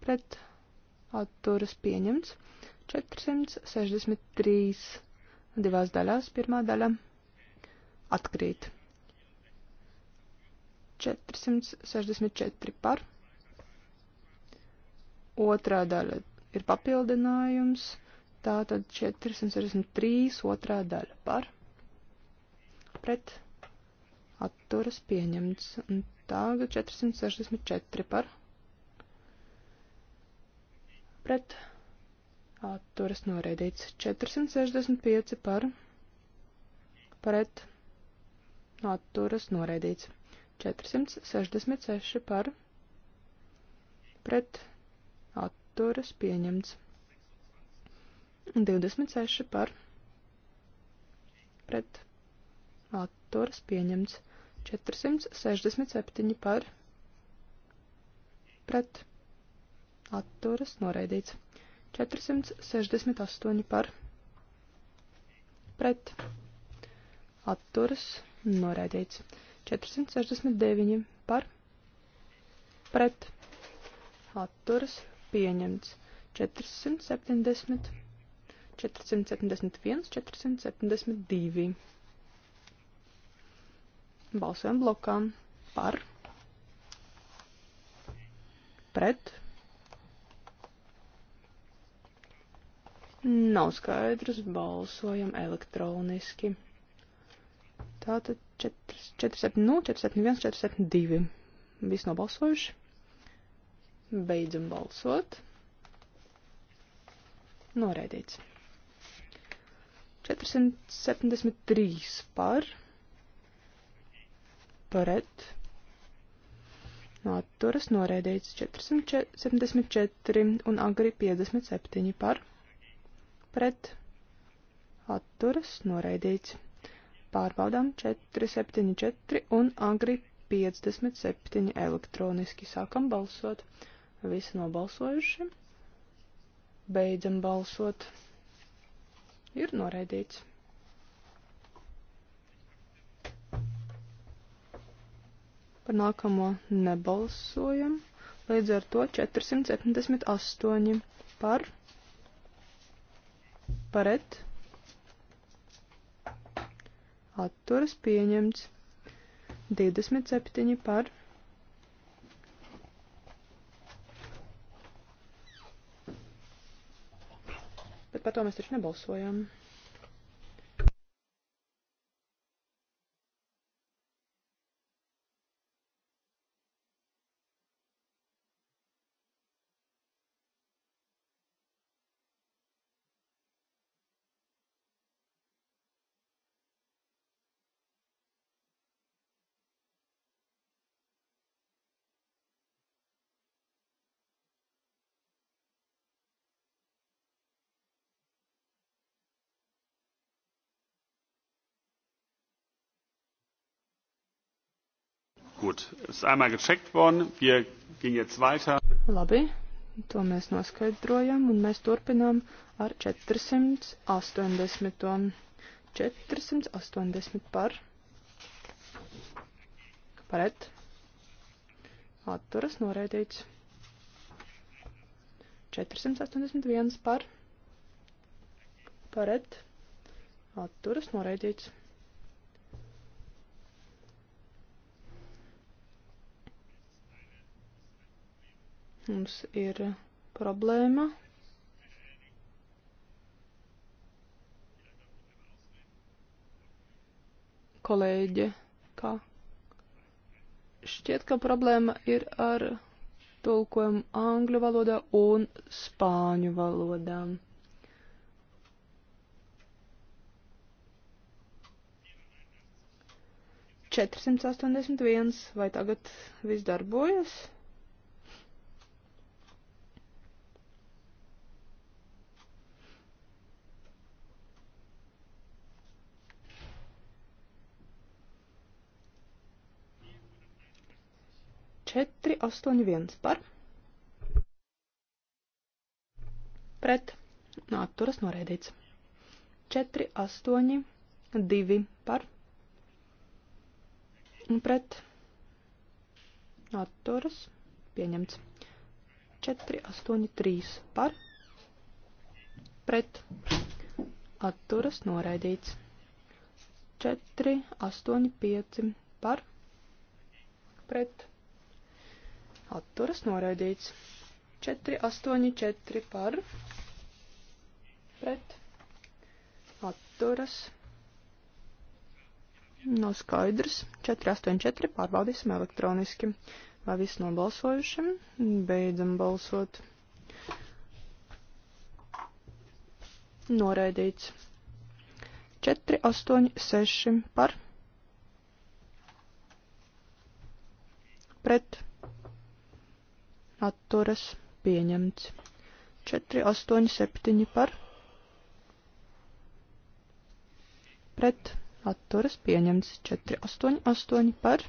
Pret atturas pieņemts 463 divās daļās, pirmā daļa atkrīt. 464 par. Otrā daļa ir papildinājums, tātad 463 otrā daļa par. Pret atturas pieņemts. Un tagad 464 par pret atturas noraidīts. 465 par pret atturas noraidīts. 466 par pret atturas pieņemts. 26 par pret atturas pieņemts. 467 par pret atturas noraidīts. 468 par pret atturas noraidīts. 469 par pret atturas pieņemts. 470, 471, 472 Balsojam blokā par, pret. Nav skaidrs, balsojam elektroniski. Tātad 470, 471, 472. Viss nobalsojuši. Beidzam balsot. Noraidīts. 473 par pret atturas noraidīts 474 un agri 57 par pret atturas noraidīts. Pārbaudām 474 un agri 57 elektroniski sākam balsot. Visi nobalsojuši. Beidzam balsot. Ir noraidīts. Par nākamo nebalsojam. Līdz ar to 478 par paret atturas pieņemts. 27 par Bet par to mēs taču nebalsojam. Gut, ist einmal gecheckt worden. Wir gehen jetzt weiter. Labi, to mēs noskaidrojam un mēs turpinām ar 480 un 480 par. Paret. Atturas noraidīts. 481 par. Paret. Atturas noraidīts. Mums ir problēma. Kolēģe, kā? Šķiet, ka problēma ir ar tulkojumu angļu valodā un spāņu valodām. Četrsimt astoņdesmit viens, vai tagad viss darbojas? 481 par. Pret. Atturas noraidīts. 482 par. Pret. Atturas pieņemts. 483 par. Pret. Atturas noraidīts. 485 par. Pret atturas noraidīts. 4, 8, 4 par, pret, atturas, nav skaidrs, 4, 8, 4 pārbaudīsim elektroniski. Vai viss nobalsojuši? Beidzam balsot. Noraidīts. 4, 8, 6 par, pret, atturas atturas pieņemts. 4, 8, 7 par pret atturas pieņemts. 4, 8, 8 par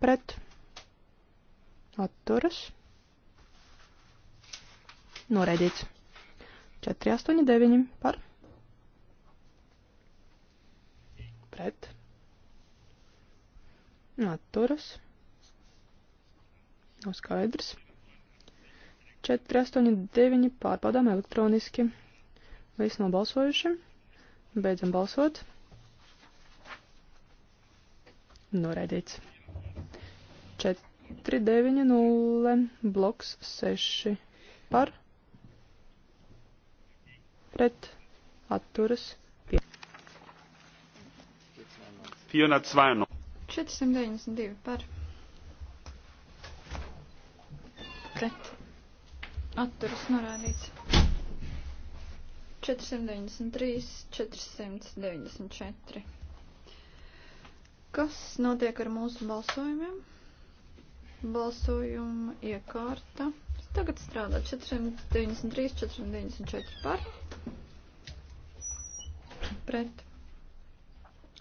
pret atturas noraidīts. 4, 8, 9 par pret atturas noraidīts nav skaidrs. 4, 8, 9 pārbaudām elektroniski. Visi nobalsojuši. Beidzam balsot. Noraidīts. 4, 9, 0, bloks 6 par, pret, atturas 5. 492 par. pret atturas norādīts. 493, 494. Kas notiek ar mūsu balsojumiem? Balsojuma iekārta. Tagad strādā 493, 494 par. Pret.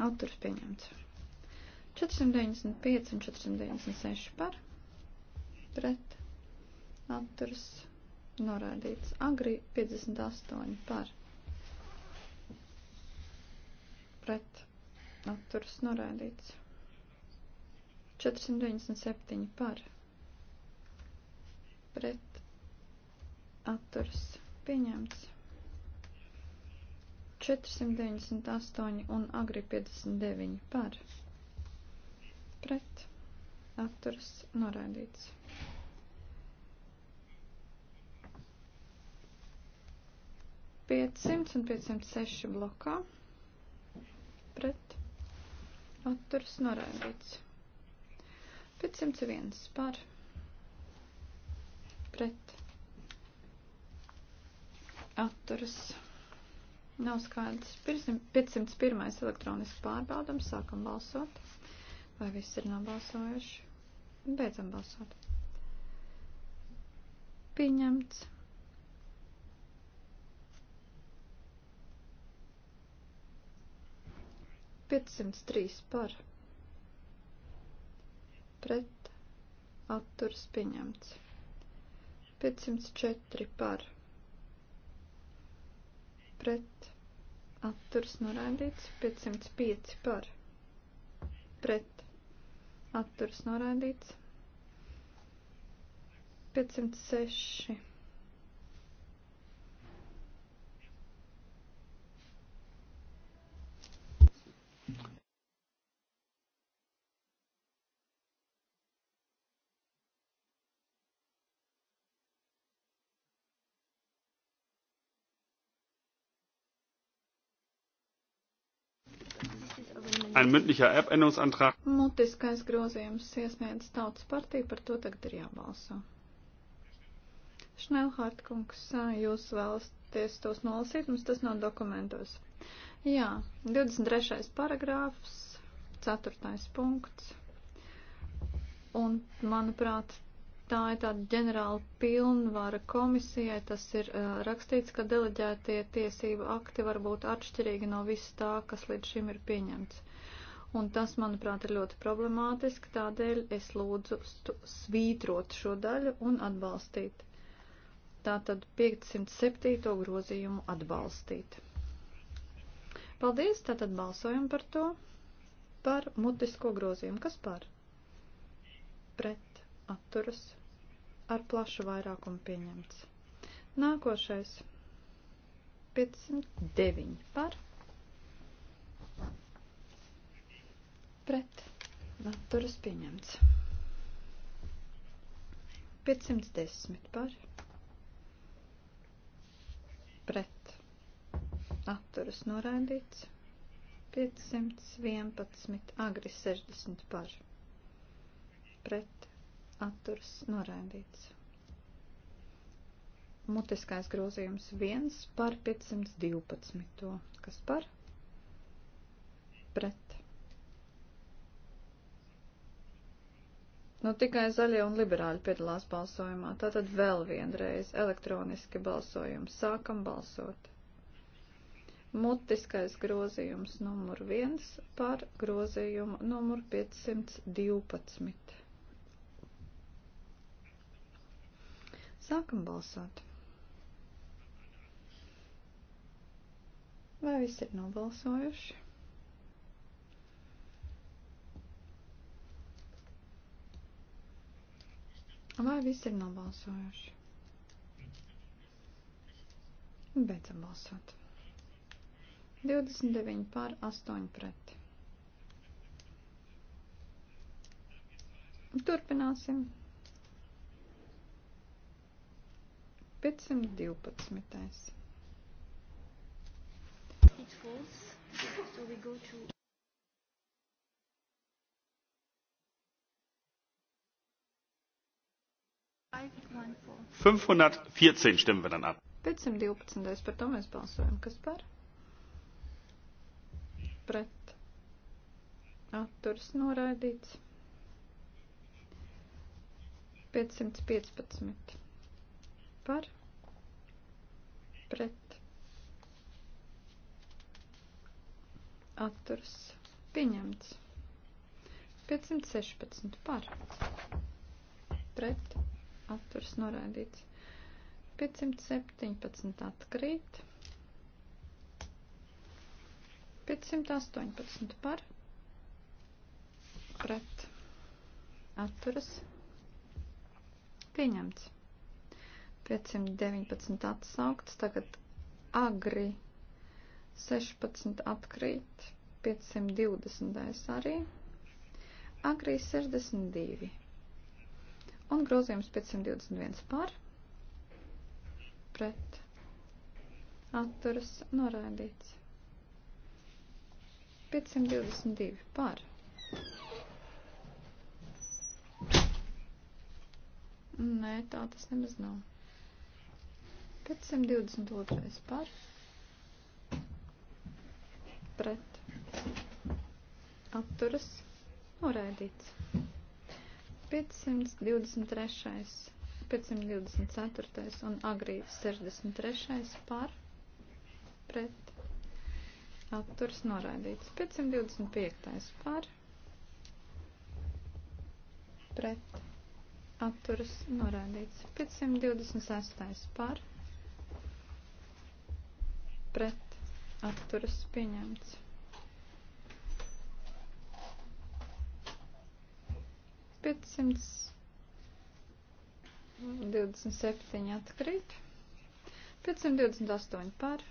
Autors pieņemts. 495 un 496 par. Pret apturas noraidīts. Agri 58 par pret apturas noraidīts. 497 par pret apturas pieņemts. 498 un agri 59 par pret apturas noraidīts. 500 un 506 blokā pret atturas noraidīts. 501 par pret atturas nav skaidrs. 501 elektroniski pārbaudam, sākam balsot. Vai viss ir nobalsojuši? Beidzam balsot. Pieņemts. 503 par pret atturas pieņemts. 504 par pret atturas noraidīts. 505 par pret atturas noraidīts. 506 Ein mündlicher Erbänderungsantrag. Mutiskais grozījums iesniedz tautas partija, par to tagad ir jābalso. Šnelhārt kungs, jūs vēlaties tos nolasīt, mums tas nav dokumentos. Jā, 23. paragrāfs, 4. punkts. Un, manuprāt, tā ir tāda ģenerāla pilnvara komisijai. Tas ir uh, rakstīts, ka deleģētie tiesību akti var būt atšķirīgi no viss tā, kas līdz šim ir pieņemts. Un tas, manuprāt, ir ļoti problemātiski, tādēļ es lūdzu svītrot šo daļu un atbalstīt. Tātad 507. grozījumu atbalstīt. Paldies, tātad balsojam par to, par mutisko grozījumu. Kas par? Pret, atturas, ar plašu vairākumu pieņemts. Nākošais 509 par pret atturas pieņemts. 510 par pret atturas noraidīts. 511 agri 60 par pret atturas noraidīts. Mutiskais grozījums 1 par 512, kas par pret Nu, tikai zaļie un liberāļi piedalās balsojumā. Tātad vēl vienreiz elektroniski balsojums. Sākam balsot. Mutiskais grozījums numur 1 par grozījumu numur 512. Sākam balsot. Vai visi ir nobalsojuši? Vai viss ir nobalsojuši? Beidzam balsot. 29 pār 8 pret. Turpināsim. 512. It falls, so we go to 514 stimmen wir dann ab. 512. Par to mēs balsojam. Kas par? Pret. Atturs noraidīts. 515. Par. Pret. Atturs. Pieņemts. 516. Par. Pret atturas noraidīts. 517 atkrīt. 518 par pret atturas pieņemts. 519 atsaukts, tagad agri 16 atkrīt, 520 arī, agri 62 Un grozījums 521 par pret atturas noraidīts. 522 par. Nē, tā tas nemaz nav. 522 par. Pret. Atturas noraidīts. 523. 524. un agrī 63. par pret atturs noraidīts. 525. par pret atturs noraidīts. 526. par pret atturs pieņemts. 527 atkrīt. 528 par.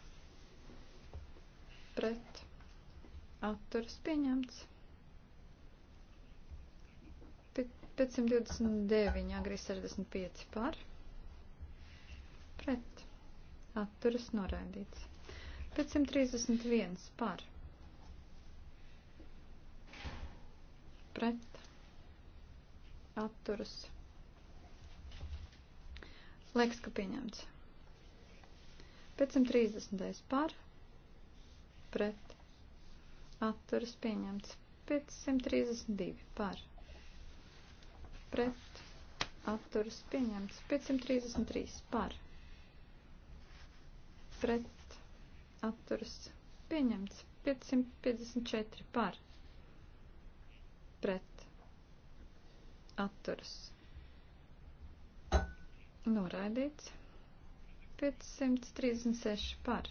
Pret. Atturas pieņemts. 529 agrī 65 par. Pret. Atturas noraidīts. 531 par. Pret atturas. Liekas, ka pieņemts. 530. par, pret, atturas pieņemts. 532 par, pret, atturas pieņemts. 533 par, pret, atturas pieņemts. 554 par, pret, atturas. Noraidīts. 536 par.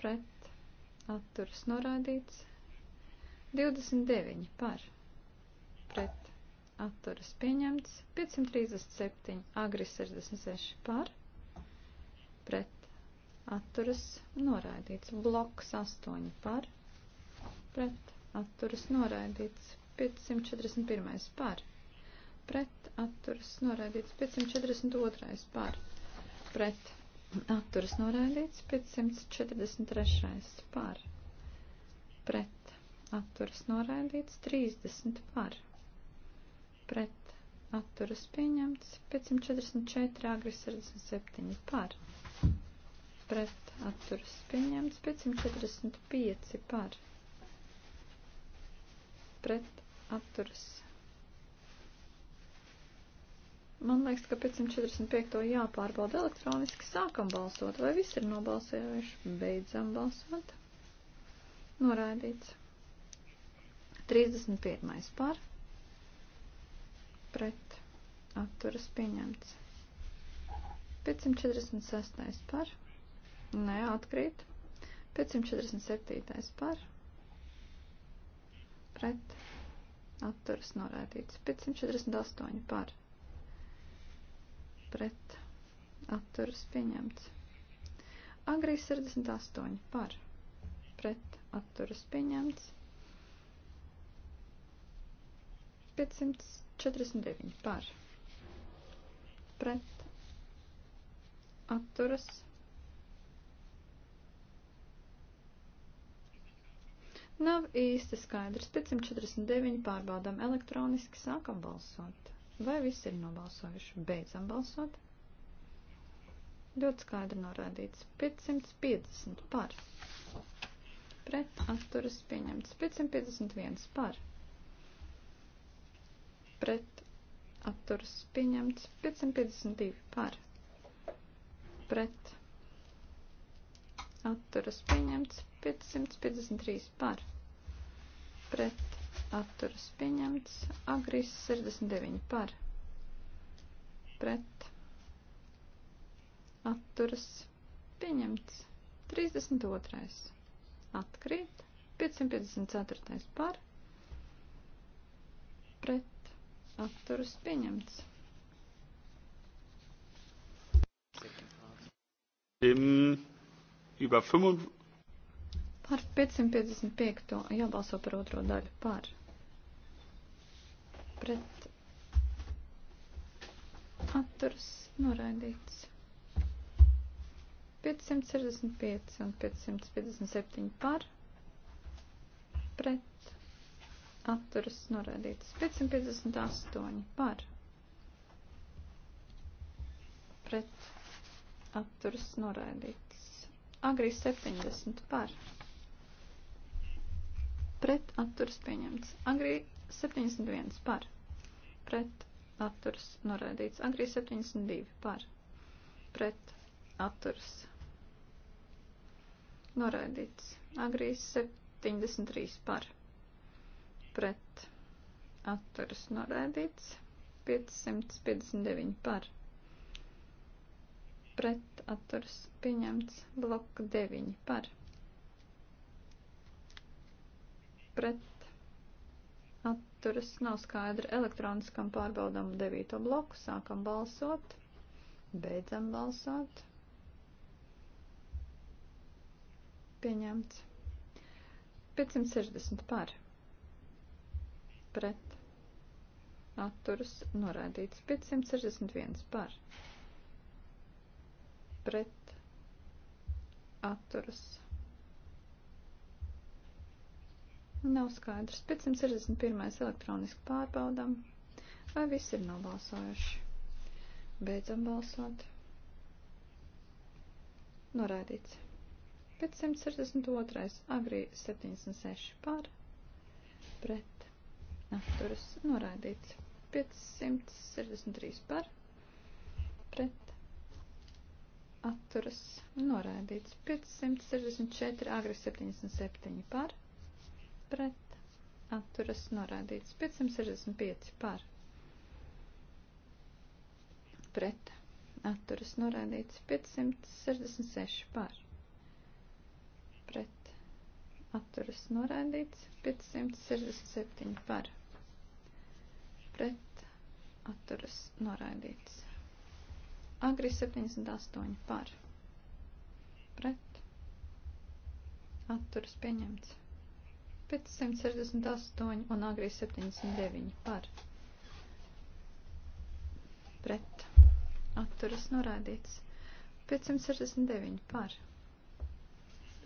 Pret. Atturas noraidīts. 29 par. Pret. Atturas pieņemts. 537. Agri 66 par. Pret. Atturas noraidīts. Bloks 8 par. Pret. Atturas noraidīts. 541. par pret atturas noraidīts 542. par pret atturas noraidīts 543. par pret atturas noraidīts 30. par pret atturas pieņemts 544. agri 67. par pret atturas pieņemts 545. par pret atturas. Man liekas, ka 545. jāpārbauda elektroniski. Sākam balsot, vai viss ir nobalsējuši. Beidzam balsot. Noraidīts. 31. par. Pret. Atturas pieņemts. 546. par. Nē, atkrīt. 547. par. Pret atturas norādīts. 548 par pret atturas pieņemts. Agrī 68 par pret atturas pieņemts. 549 par pret atturas pieņemts Nav īsti skaidrs. 549 pārbaudām elektroniski, sākam balsot. Vai visi ir nobalsojuši? Beidzam balsot. Ļoti skaidri norādīts. 550 par. Pret atturas pieņemts. 551 par. Pret atturas pieņemts. 552 par. Pret atturas pieņemts 553 par pret atturas pieņemts agrīs 69 par pret atturas pieņemts 32 atkrīt 554 par pret atturas pieņemts. Im über 55. Par 555. jābalso par otro daļu. Par. Pret. Atturs noraidīts. 565 un 557 par. Pret. Atturs noraidīts. 558 par. Pret. Atturs noraidīts. Agrī 70 par. Pret atturas pieņemts. Agrī 71 par. Pret atturas noraidīts. Agrī 72 par. Pret atturas noraidīts. Agrī 73 par. Pret atturas noraidīts. 559 par pret atturas pieņemts blok 9 par pret atturas nav skaidra elektroniskam pārbaudam 9 bloku sākam balsot beidzam balsot pieņemts 560 par pret atturas norādīts 561 par pret pret atturas. Nav skaidrs. 561. elektroniski pārbaudām. Vai viss ir nobalsojuši? Beidzam balsot. Norādīts. 562. Agrī 76 par. Pret. Atturas. Norādīts. 563 par. Pret atturas norādīts 564 agri 77 par pret atturas norādīts 565 par pret atturas norādīts 566 par pret atturas norādīts 567 par pret atturas norādīts Agri 78 par. Pret. Atturas pieņemts. 568 un agri 79 par. Pret. Atturas norādīts. 569 par.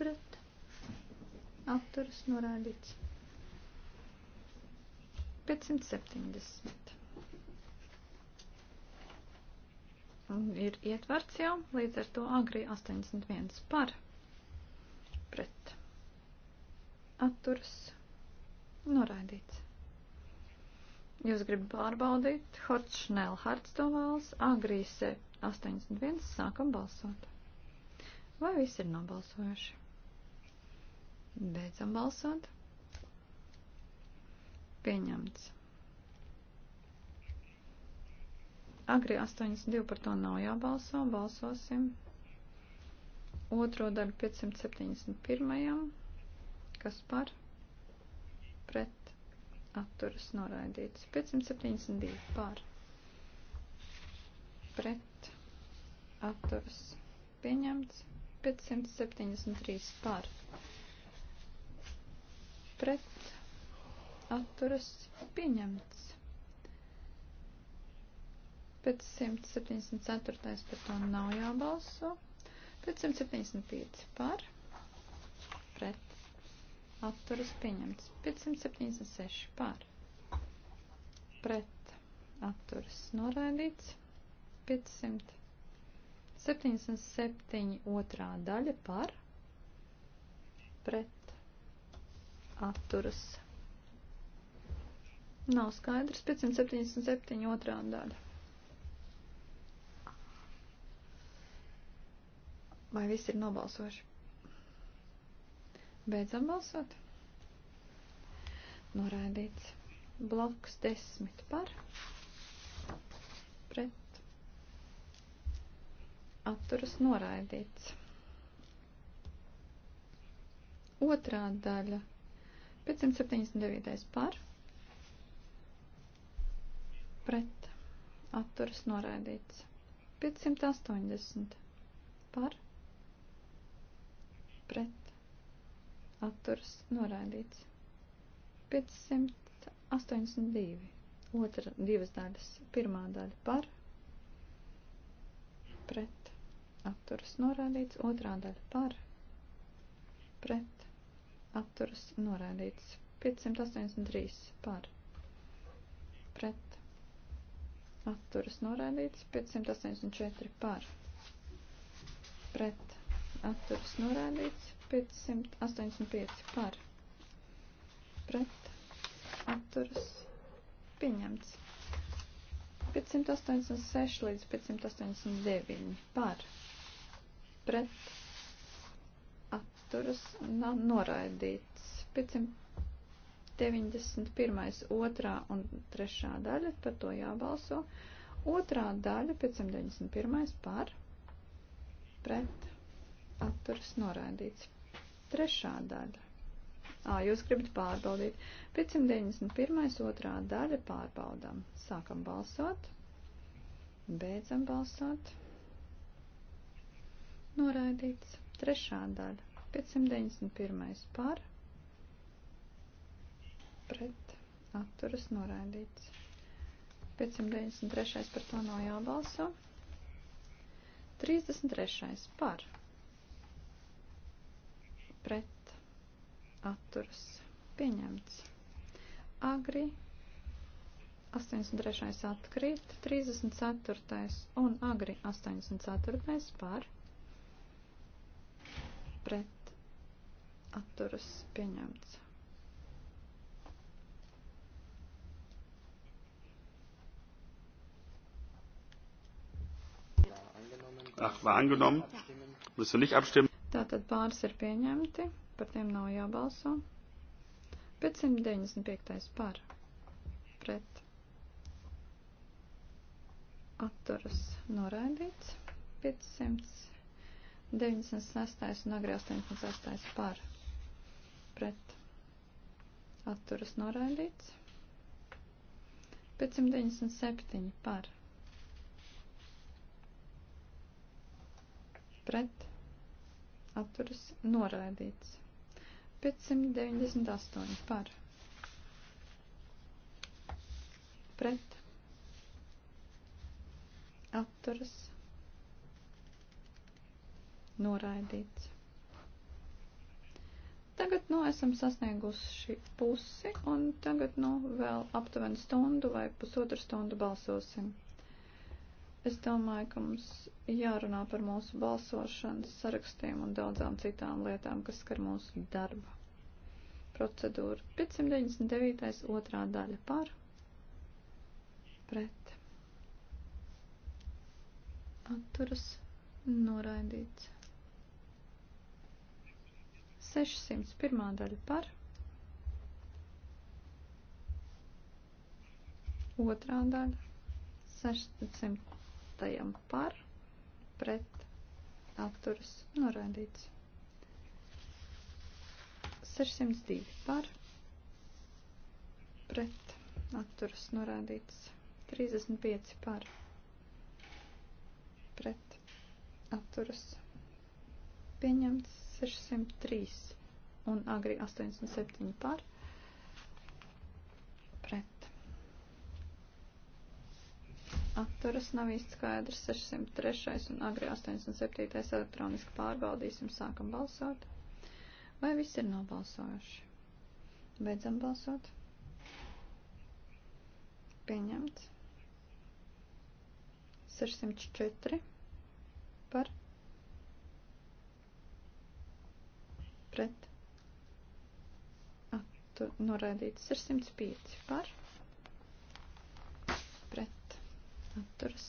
Pret. Atturas norādīts. 570 ir ietverts jau, līdz ar to agri 81 par pret atturas noraidīts. Jūs gribat pārbaudīt, Horts Šnelhards to vēlas, agri 81 sākam balsot. Vai visi ir nobalsojuši? Beidzam balsot. Pieņemts. Agri 82 par to nav jābalso. Balsosim. Otro daļu 571. Kas par? Pret. Atturas noraidīts. 572 par. Pret. Atturas pieņemts. 573 par pret atturas pieņemts. 574. par to nav jābalso. 575 par, pret, atturas pieņemts. 576 par, pret, atturas noraidīts. 577 otrā daļa par, pret, atturas. Nav skaidrs, 577 otrā daļa. Vai viss ir nobalsoši? Beidzam balsot. Noraidīts. Bloks desmit par. Pret. Atturas noraidīts. Otrā daļa. 579. par. Pret. Atturas noraidīts. 580. par pret atturas noraidīts. 582. Otra divas daļas. Pirmā daļa par pret atturas noraidīts. Otrā daļa par pret atturas noraidīts. 583 par pret atturas noraidīts. 584 par pret atturas norādīts, 585 par pret atturas pieņemts. 586 līdz 589 par pret atturas noraidīts. 591. otrā un trešā daļa, par to jābalso. Otrā daļa 591. par pret atturas noraidīts. Trešā daļa. Ā, jūs gribat pārbaudīt. 591. otrā daļa pārbaudām. Sākam balsot. Beidzam balsot. Noraidīts. Trešā daļa. 591. par. Pret. Atturas noraidīts. 593. par to nav jābalso. 33. par pret atturas pieņemts. Agri 83. atkrīt, 34. un agri 84. par pret atturas pieņemts. Ach, war angenommen. Müssen wir nicht abstimmen. Tātad pāris ir pieņemti, par tiem nav jābalso. 595. par pret atturas noraidīts. 596. un agrī 86. par pret atturas noraidīts. 597 par pret atturas noraidīts. 598 par pret atturas noraidīts. Tagad, nu, esam sasnieguši pusi, un tagad, nu, vēl aptuveni stundu vai pusotru stundu balsosim. Es domāju, ka mums jārunā par mūsu balsošanas sarakstiem un daudzām citām lietām, kas skar mūsu darba procedūru. 599. otrā daļa par pret atturas noraidīts. 601. daļa par otrā daļa 600 6. par pret atturas noraidīts. 602 par pret atturas noraidīts. 35 par pret atturas pieņemts 603 un agri 87 par atturas nav īsti skaidrs. 603. un agri 87. elektroniski pārbaudīsim, sākam balsot. Vai viss ir nobalsojuši? Beidzam balsot. Pieņemts. 604 par pret noraidīts 605 par pret atturas.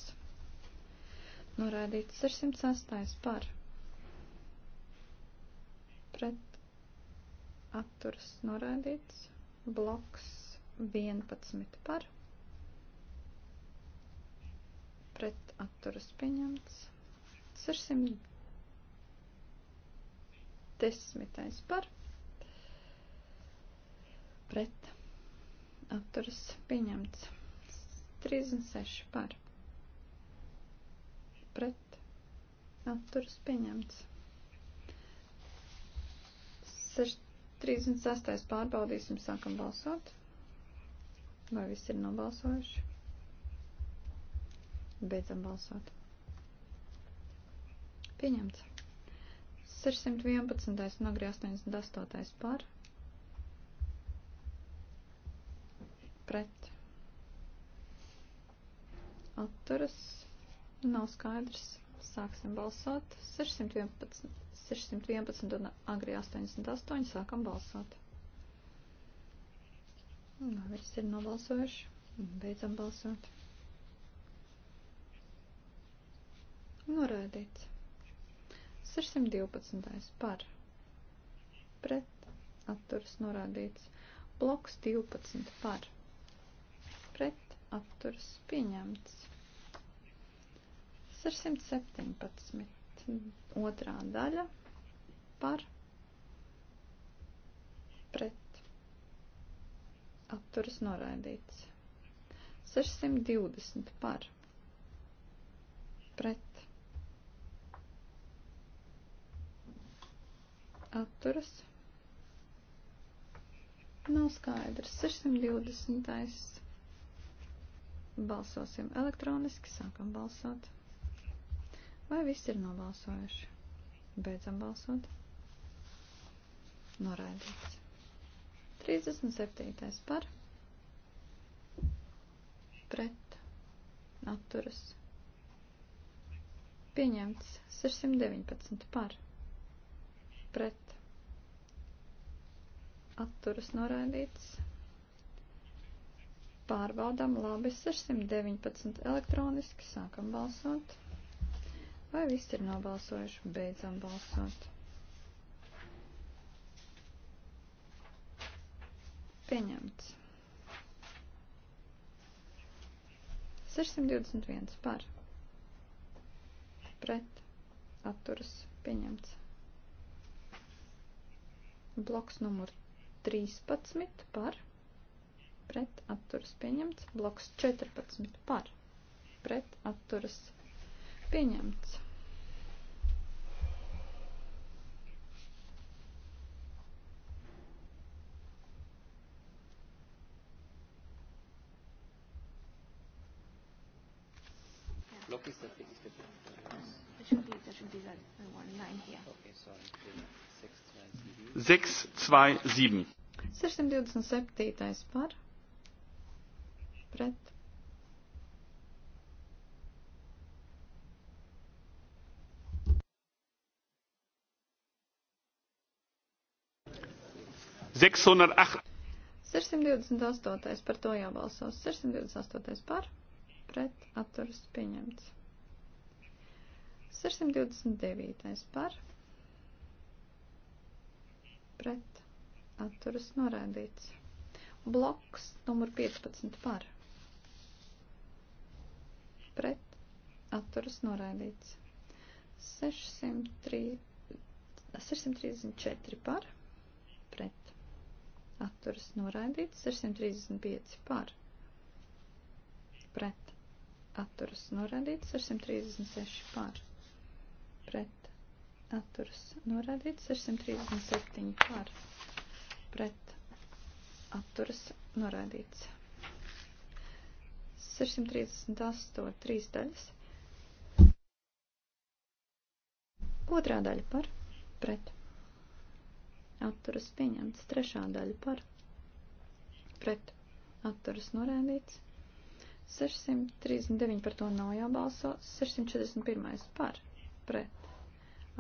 Norādīts 608 par pret atturas norādīts bloks 11 par pret atturas pieņemts 610 par pret atturas pieņemts 36 par. Pret. Atturas pieņemts. 6, 36 pārbaudīsim, sākam balsot. Vai viss ir nobalsojuši? Beidzam balsot. Pieņemts. 611. nogri 88. par. Pret atturas nav skaidrs. Sāksim balsot. 611, 611 un agri 88 sākam balsot. Nu, viss ir nobalsojuši. Beidzam balsot. Norādīts. 612. par. Pret. Atturas norādīts. Bloks 12 par atturas pieņemts. 617. otrā daļa par pret atturas noraidīts. 620 par pret atturas nav skaidrs. 620. Balsosim elektroniski, sākam balsot. Vai viss ir nobalsojuši? Beidzam balsot. Noraidīts. 37. par. Pret. Atturas. Pieņemts 619 par. Pret. Atturas noraidīts. Pārbaudām, labi, 619 elektroniski, sākam balsot. Vai viss ir nobalsojuši? Beidzam balsot. Pieņemts. 621 par. Pret. Atturas. Pieņemts. Bloks numur 13 par pret atturas pieņemts. Bloks 14 par pret atturas pieņemts. block is the biggest bit. It should be, there should be that one line here. Okay, sorry. 627. 627 par pret. Sechshundertacht. 628. par to jābalso. 628. par, pret, atturas pieņemts. 629. par, pret, atturas norādīts. Bloks numur 15 par, pret atturas noraidīts. 603, 634 par pret atturas noraidīts. 635 par pret atturas noraidīts. 636 par pret atturas noraidīts. 637 par pret atturas noraidīts. 638. trīs daļas. Otrā daļa par pret. Atturas pieņemts. Trešā daļa par pret. Atturas norēdīts. 639 par to nav jābalso. 641 par pret.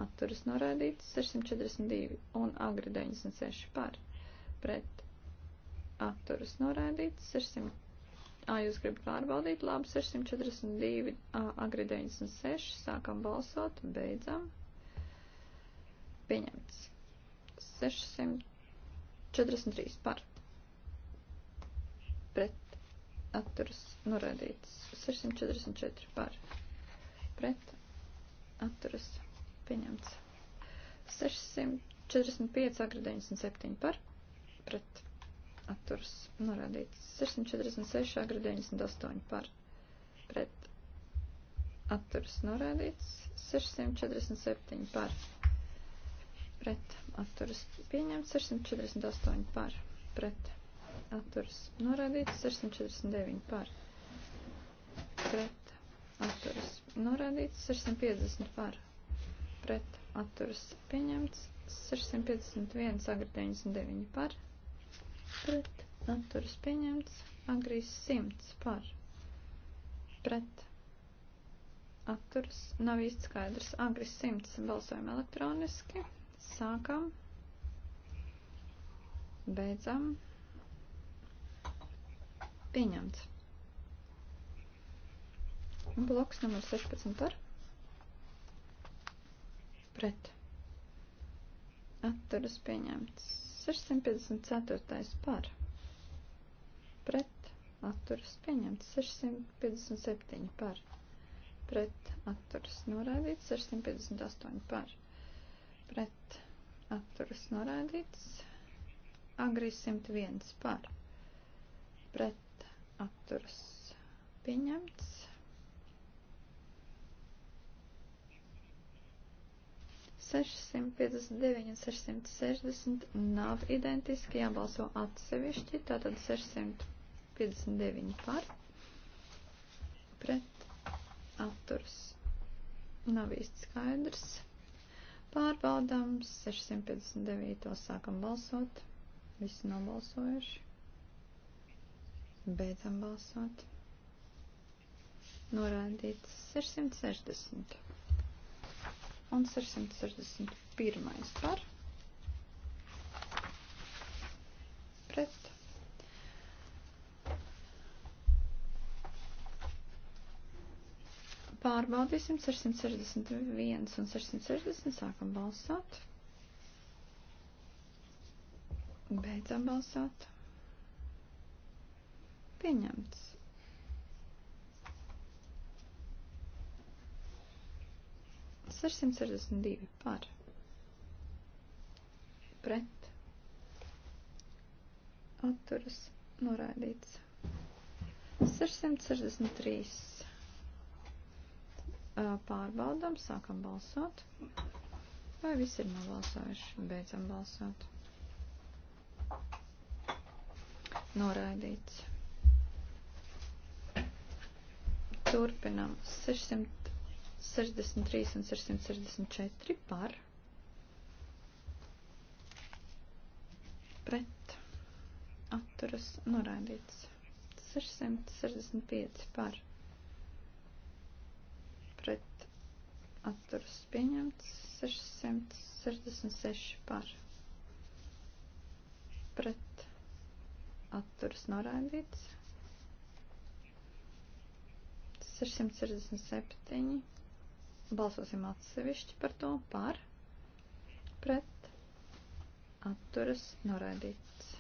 Atturas norēdīts. 642 un agri 96 par pret. Atturas norēdīts. 600. Ā, jūs gribat pārbaudīt, labi, 642, agri 96, sākam balsot, beidzam. Pieņemts. 643 par. Pret. Atturas norādīts. 644 par. Pret. Atturas pieņemts. 645 agri 97 par. Pret atturs norādīts 646, agri 98 par pret atturs norādīts 647 par pret atturs pieņemts 648 par pret atturs norādīts 649 par pret atturs norādīts 650 par pret atturs pieņemts 651 agri 99 par pret pret atturas pieņemts. Agrīs 100 par pret atturas. Nav īsti skaidrs. Agrīs 100 balsojam elektroniski. Sākam. Beidzam. Pieņemts. Bloks numur 16 par pret atturas pieņemts. 654. par pret atturas pieņemts 657 par pret atturas noraidīts 658 par pret atturas noraidīts agri 101 par pret atturas pieņemts 659 un 660 nav identiski, jābalso atsevišķi, tātad 659 par, pret, atturs, nav īsti skaidrs. Pārbaudām 659, sākam balsot, visi nobalsojuši, beidzam balsot, norādīts 660 un 661 par pret. Pārbaudīsim 661 un 660, sākam balsot. Beidzam balsot. Pieņemts. 662 par pret atturas noraidīts. 663 pārbaudām, sākam balsot. Vai visi ir nobalsojuši? Beidzam balsot. Noraidīts. Turpinam 600. 63 un 664 par pret atturas noraidīts 665 par pret atturas pieņemts 666 par pret atturas noraidīts 667 Balsosim atsevišķi par to, par, pret, atturas, noraidīts.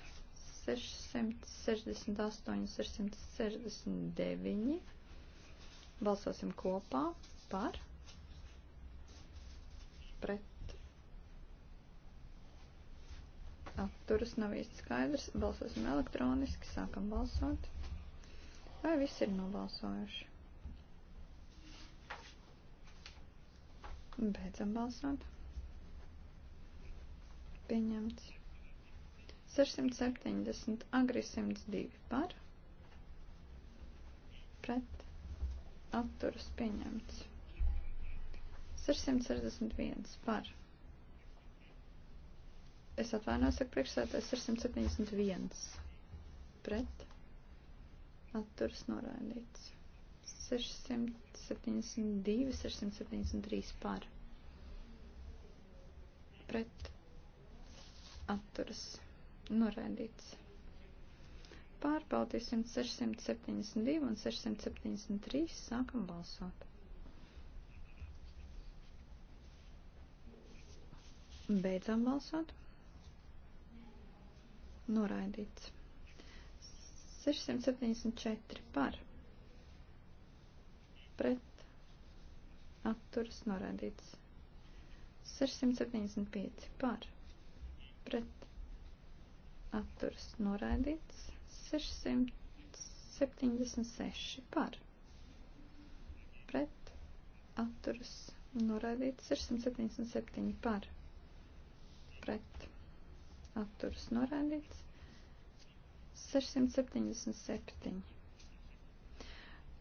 668, 669. Balsosim kopā par, pret, atturas nav īsti skaidrs. Balsosim elektroniski, sākam balsot. Vai viss ir nobalsojuši? Beidzam balsot. Pieņemts. 670, agri 102 par. Pret. Atturas pieņemts. 661 par. Es atvainojos, saka priekšsētājs 671. Pret. Atturas noraidīts. 672, 673 par pret atturas noraidīts. Pārbaudīsim 672 un 673, sākam balsot. Beidzam balsot. Noraidīts. 674 par pret pret atturas norādīts. 675 par pret atturas norādīts. 676 par pret atturas norādīts. 677 par pret atturas norādīts. 677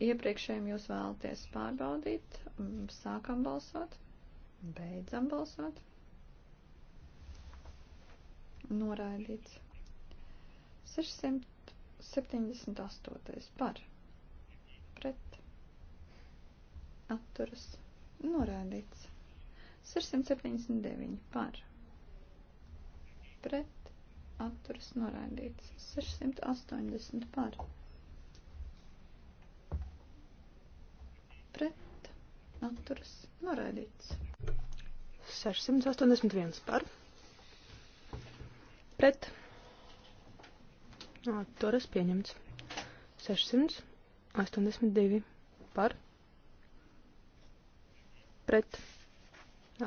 Iepriekšējiem jūs vēlaties pārbaudīt, mm, sākam balsot, beidzam balsot. Noraidīts. 678. par. Pret. Atturas. Noraidīts. 679. par. Pret. Atturas. Noraidīts. 680. par pret atturas noraidīts. 681 par pret atturas pieņemts. 682 par pret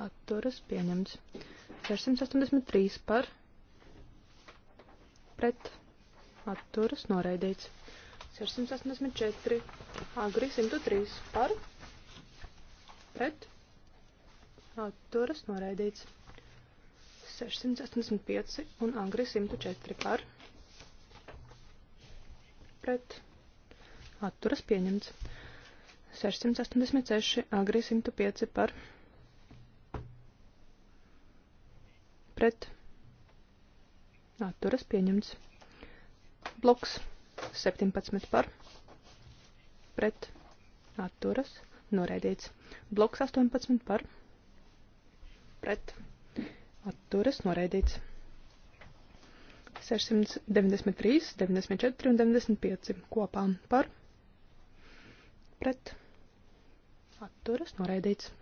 atturas pieņemts. 683 par pret atturas noraidīts. 684, agri 103 par, pret, atturas noraidīts. 685 un agri 104 par, pret, atturas pieņemts. 686, agri 105 par, pret, atturas pieņemts. Bloks 17 par pret atturas noraidīts. Bloks 18 par pret atturas noraidīts. 693, 94 un 95 kopā par pret atturas noraidīts.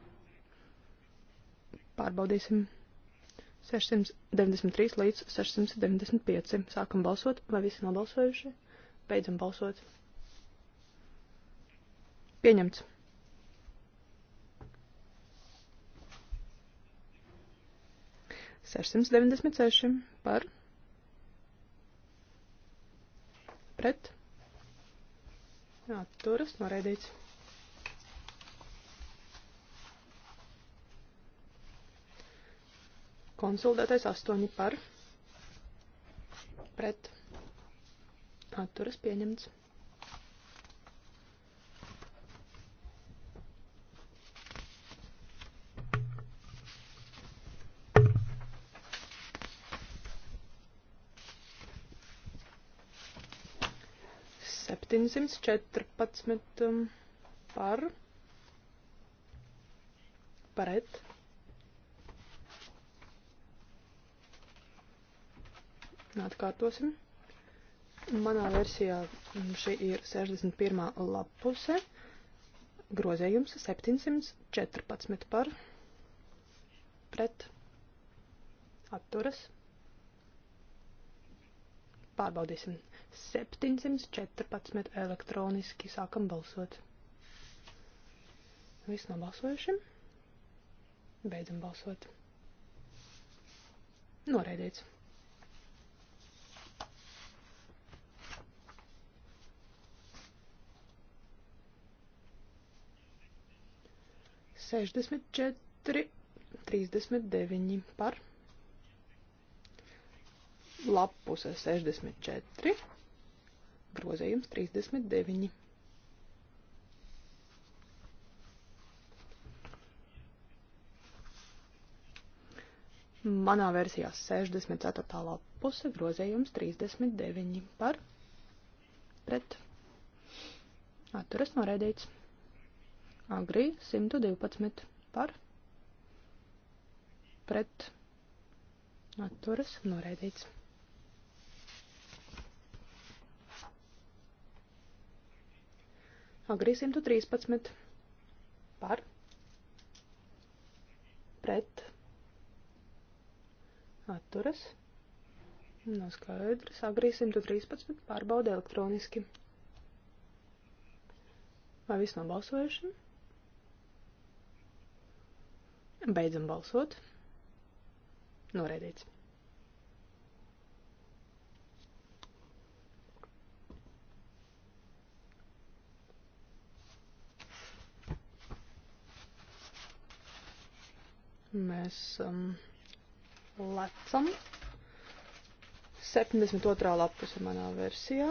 Pārbaudīsim. 693 līdz 695. Sākam balsot, vai visi nobalsojuši? Beidzam balsot. Pieņemts. Sešsimts deviņdesmit seši par. Pret. Atturas noraidīts. Konsultētais astoņi par. Pret. Atturas pieņemts. Septiņsimts četrpadsmit um, par paret. Atkārtosim. 714. Manā versijā šī ir 61. lapuse, grozējums 714 par pret atturas. Pārbaudīsim 714 elektroniski sākam balsot. Viss nobalsojušiem. Beidzam balsot. Noreidīts. 64, 39 par lapuse 64, grozījums 39. Manā versijā 64. lapuse grozējums 39 par pret. Atturas noraidīts. Agri 112 par pret atturas noraidīts. Agri 113 par pret atturas no skaidrs. Agri 113 pārbauda elektroniski. Vai viss nobalsojuši? Beidzam balsot. Noraidīts. Mēs um, lecam. 72. lapus ir manā versijā.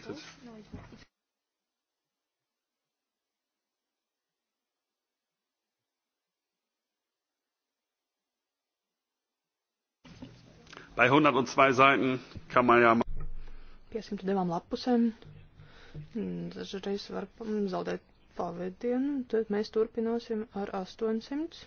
substitute. No, it's not. It's Bei 102 Seiten kann man ja. 502 lapusēm dažreiz var zaudēt pavadienu, tad mēs turpināsim ar 800.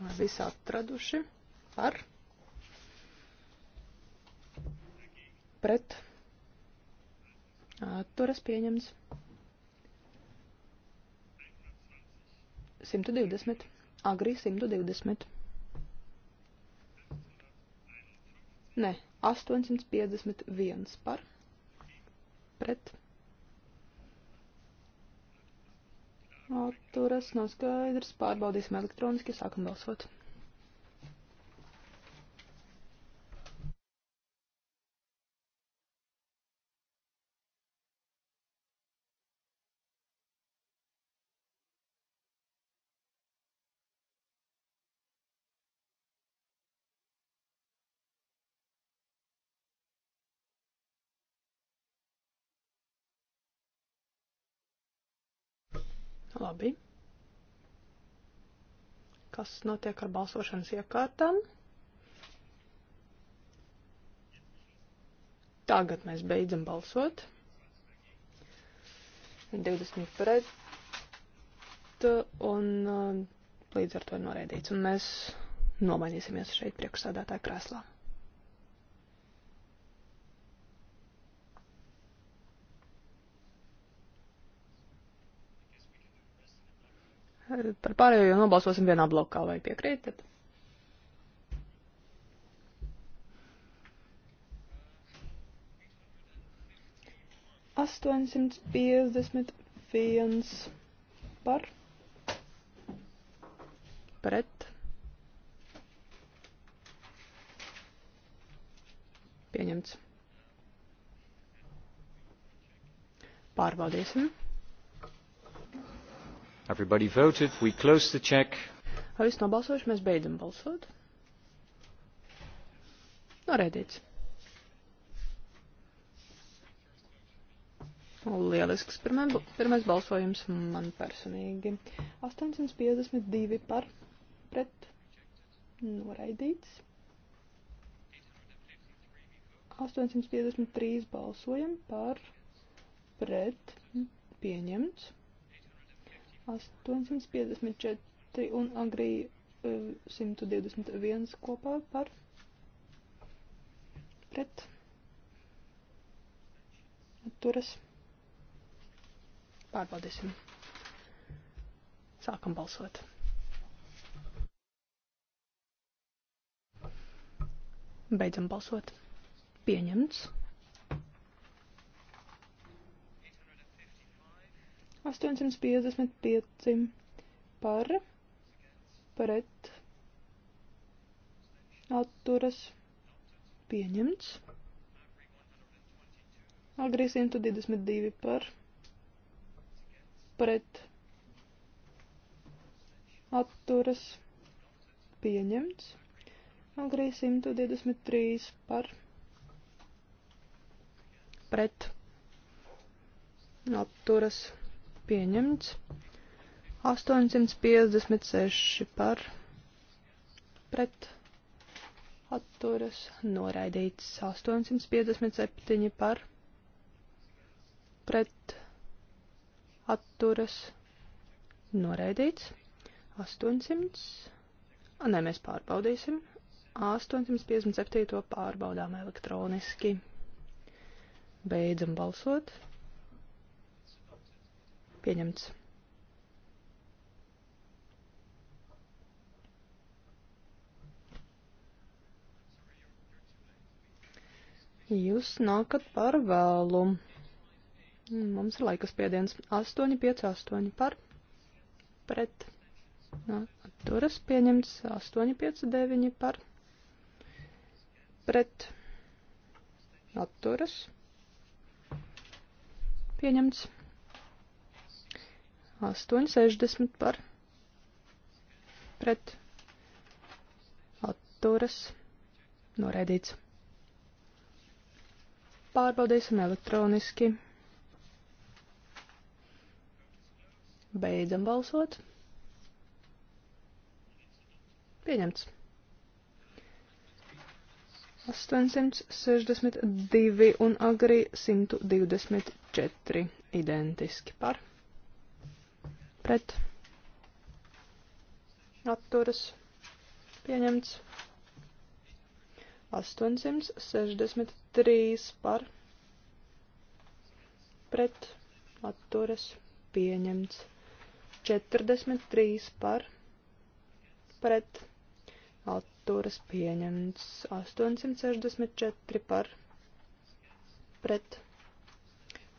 Visi atraduši par pret atturas pieņemts 120, agri 120. Nē, 851 par pret Atturas nav skaidrs. Pārbaudīsim elektroniski. Sākam balsot. Labi. Kas notiek ar balsošanas iekārtām? Tagad mēs beidzam balsot. 20 pret un uh, līdz ar to noraidīts. Un mēs nomainīsimies šeit priekšsādātāja krēslā. Par pārējo jau nobalsosim vienā blokā, vai piekrītat? Astoņsimt piecdesmit viens par pret pieņemts. Pārbaudīsim. Everybody voted. We close the check. Vai viss nobalsojuši? Mēs beidzam balsot. Noraidīts. Lielisks pirmais, pirmais balsojums man personīgi. 852 par pret noraidīts. 853 balsojam par pret pieņemts. 854 un agrī 121 eh, kopā par pret atturas. Pārbaudīsim. Sākam balsot. Beidzam balsot. Pieņemts. 855 par pret atturas pieņemts. Agri 122 par pret atturas pieņemts. Agri 123 par pret atturas pieņemts pieņemts. 856 par pret atturas noraidīts. 857 par pret atturas noraidīts. 800. A, nē, mēs pārbaudīsim. 857. pārbaudām elektroniski. Beidzam balsot. Pieņemts. Jūs nākat par vēlu. Mums ir laika spiediens. 8, 5, 8 par. Pret. Turas pieņemts. 8, 5, 9 par. Pret. Atturas. Pieņemts. 8,60 par pret atturas noraidīts. Pārbaudīsim elektroniski. Beidzam balsot. Pieņemts. 862 un agrī 124 identiski par pret atturas pieņemts 863 par pret atturas pieņemts 43 par pret atturas pieņemts 864 par pret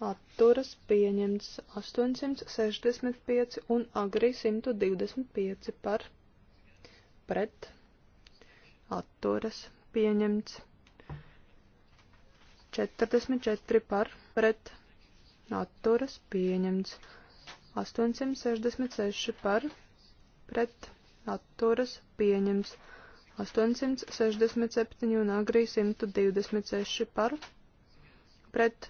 atturas pieņemts 865 un agrī 125 par pret atturas pieņemts 44 par pret atturas pieņemts 866 par pret atturas pieņemts 867 un agrī 126 par pret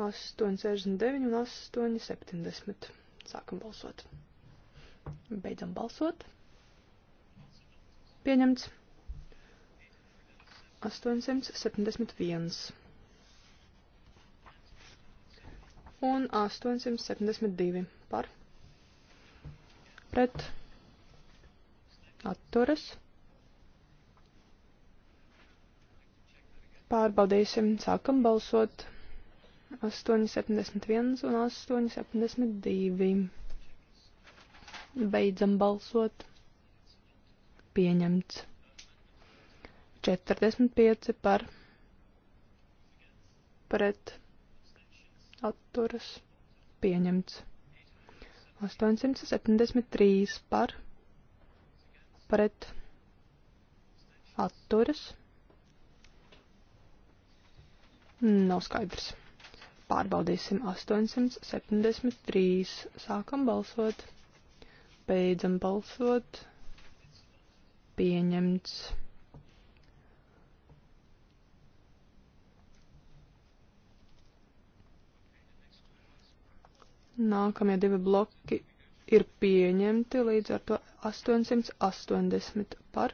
8,69 un 8,70. Sākam balsot. Beidzam balsot. Pieņemts. 871. Un 872 par. Pret. Atturas. Pārbaudīsim. Sākam balsot. 872. 8,71 un 8,72. Beidzam balsot. Pieņemts. 45 par pret atturas. Pieņemts. 873 par pret atturas. Nav skaidrs. Pārbaudīsim 873. Sākam balsot. Beidzam balsot. Pieņemts. Nākamie divi bloki ir pieņemti līdz ar to 880 par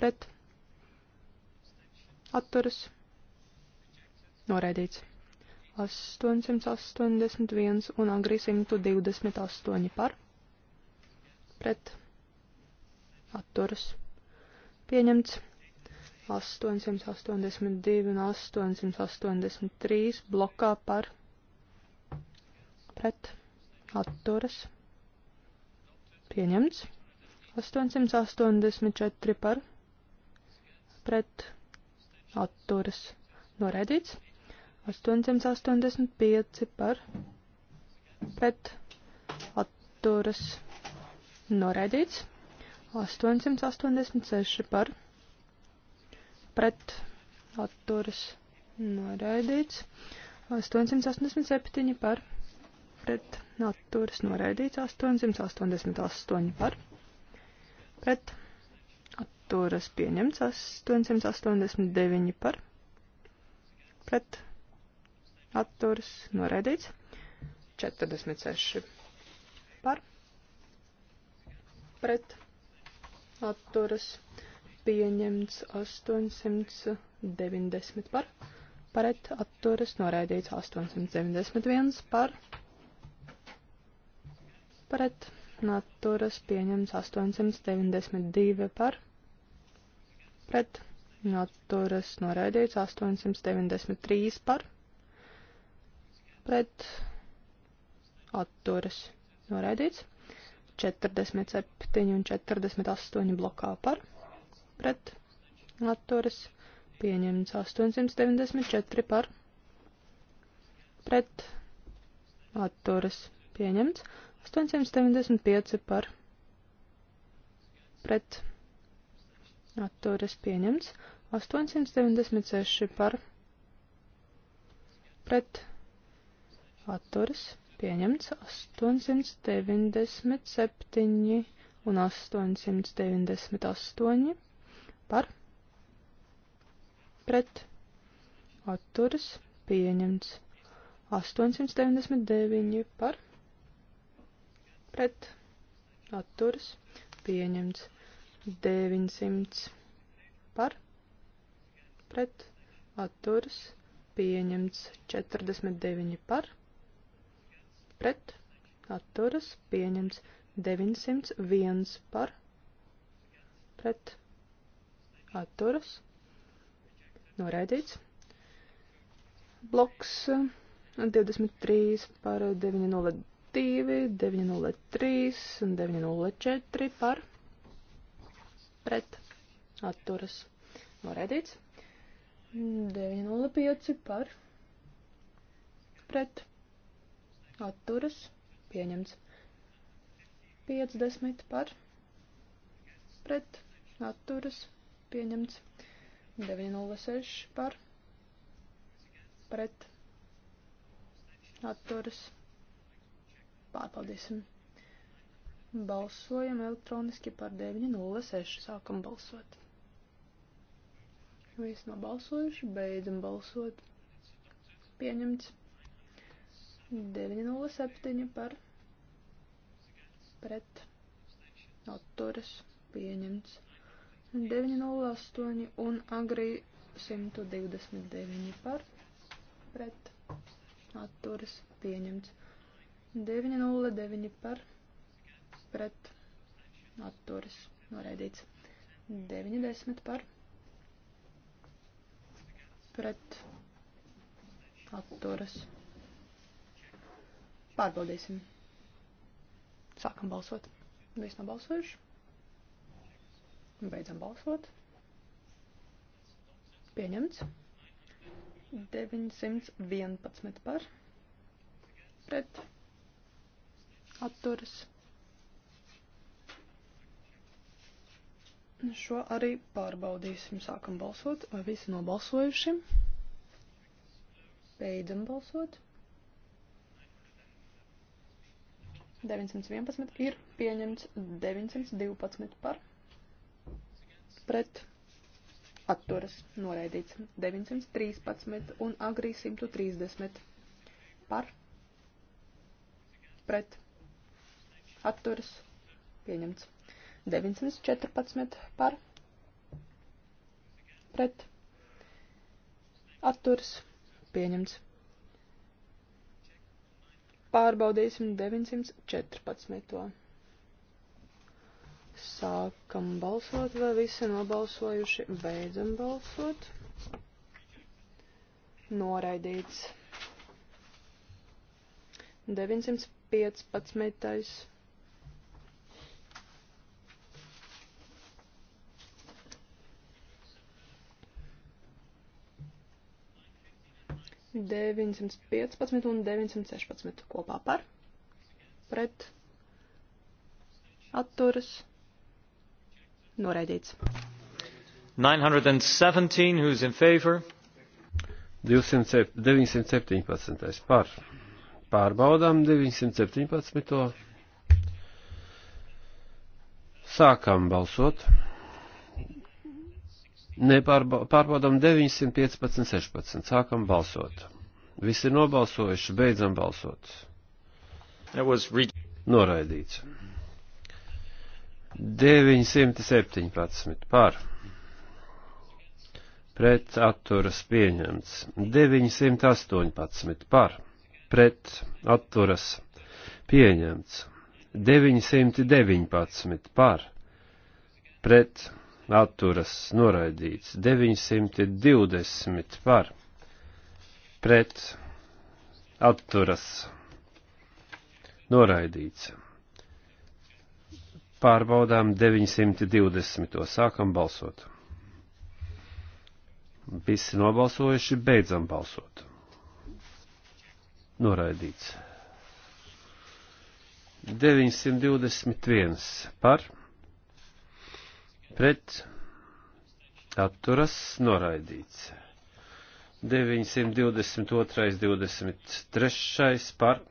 pret atturas noraidīts. 881 un agri 128 par pret atturas pieņemts 882 un 883 blokā par pret atturas pieņemts 884 par pret atturas noraidīts 885 par pret atturas noraidīts. 886 par pret atturas noraidīts. 887 par pret atturas noraidīts. 888 par pret atturas pieņemts. 889 par pret atturs noraidīts. 46 par pret atturas pieņemts 890 par pret atturas noraidīts 891 par pret atturas pieņemts 892 par pret atturas noraidīts 893 par pret pret atturas noraidīts. 47 un 48 blokā par pret atturas pieņemts 894 par pret atturas pieņemts 895 par pret atturas pieņemts 896 par pret atturas pieņemts 897 un 898 par pret atturas pieņemts 899 par pret atturas pieņemts 900 par pret atturas pieņemts 49 par pret pret atturas pieņemts 901 par pret atturas noraidīts. Bloks 23 par 902, 903 un 904 par pret atturas noraidīts. 905 par pret atturas pieņemts. 50 par pret atturas pieņemts. 906 par pret atturas pārpaldīsim. Balsojam elektroniski par 906. Sākam balsot. Visi nobalsojuši, beidzam balsot. Pieņemts. 907 par pret atturas pieņemts. 908 un agrī 129 par pret atturas pieņemts. 909 par pret atturas noraidīts. 90 par pret atturas pieņemts Pārbaudīsim. Sākam balsot. Viss nav balsojuši. Beidzam balsot. Pieņemts. 911 par. Pret. Atturas. Nu, šo arī pārbaudīsim. Sākam balsot. Vai visi nobalsojuši? Beidzam balsot. 911 ir pieņemts 912 par pret atturas noraidīts 913 un agrī 130 par pret atturas pieņemts 914 par pret atturas pieņemts Pārbaudīsim 914. Sākam balsot, vai visi nobalsojuši, beidzam balsot. Noraidīts. 915. 915 un 916 kopā par pret atturas noraidīts. 917, who's in favor? 200, 917 par. Pārbaudām 917. Sākam balsot. Nepārbaudām 915, 16. Sākam balsot. Visi ir nobalsojuši, beidzam balsot. Noraidīts. 917 par. Pret atturas pieņemts. 918 par. Pret atturas pieņemts. 919 par. Pret atturas noraidīts 920 par pret atturas noraidīts. Pārbaudām 920. Sākam balsot. Visi nobalsojuši, beidzam balsot. Noraidīts. 921 par pret apturas noraidīts. 922. 23. par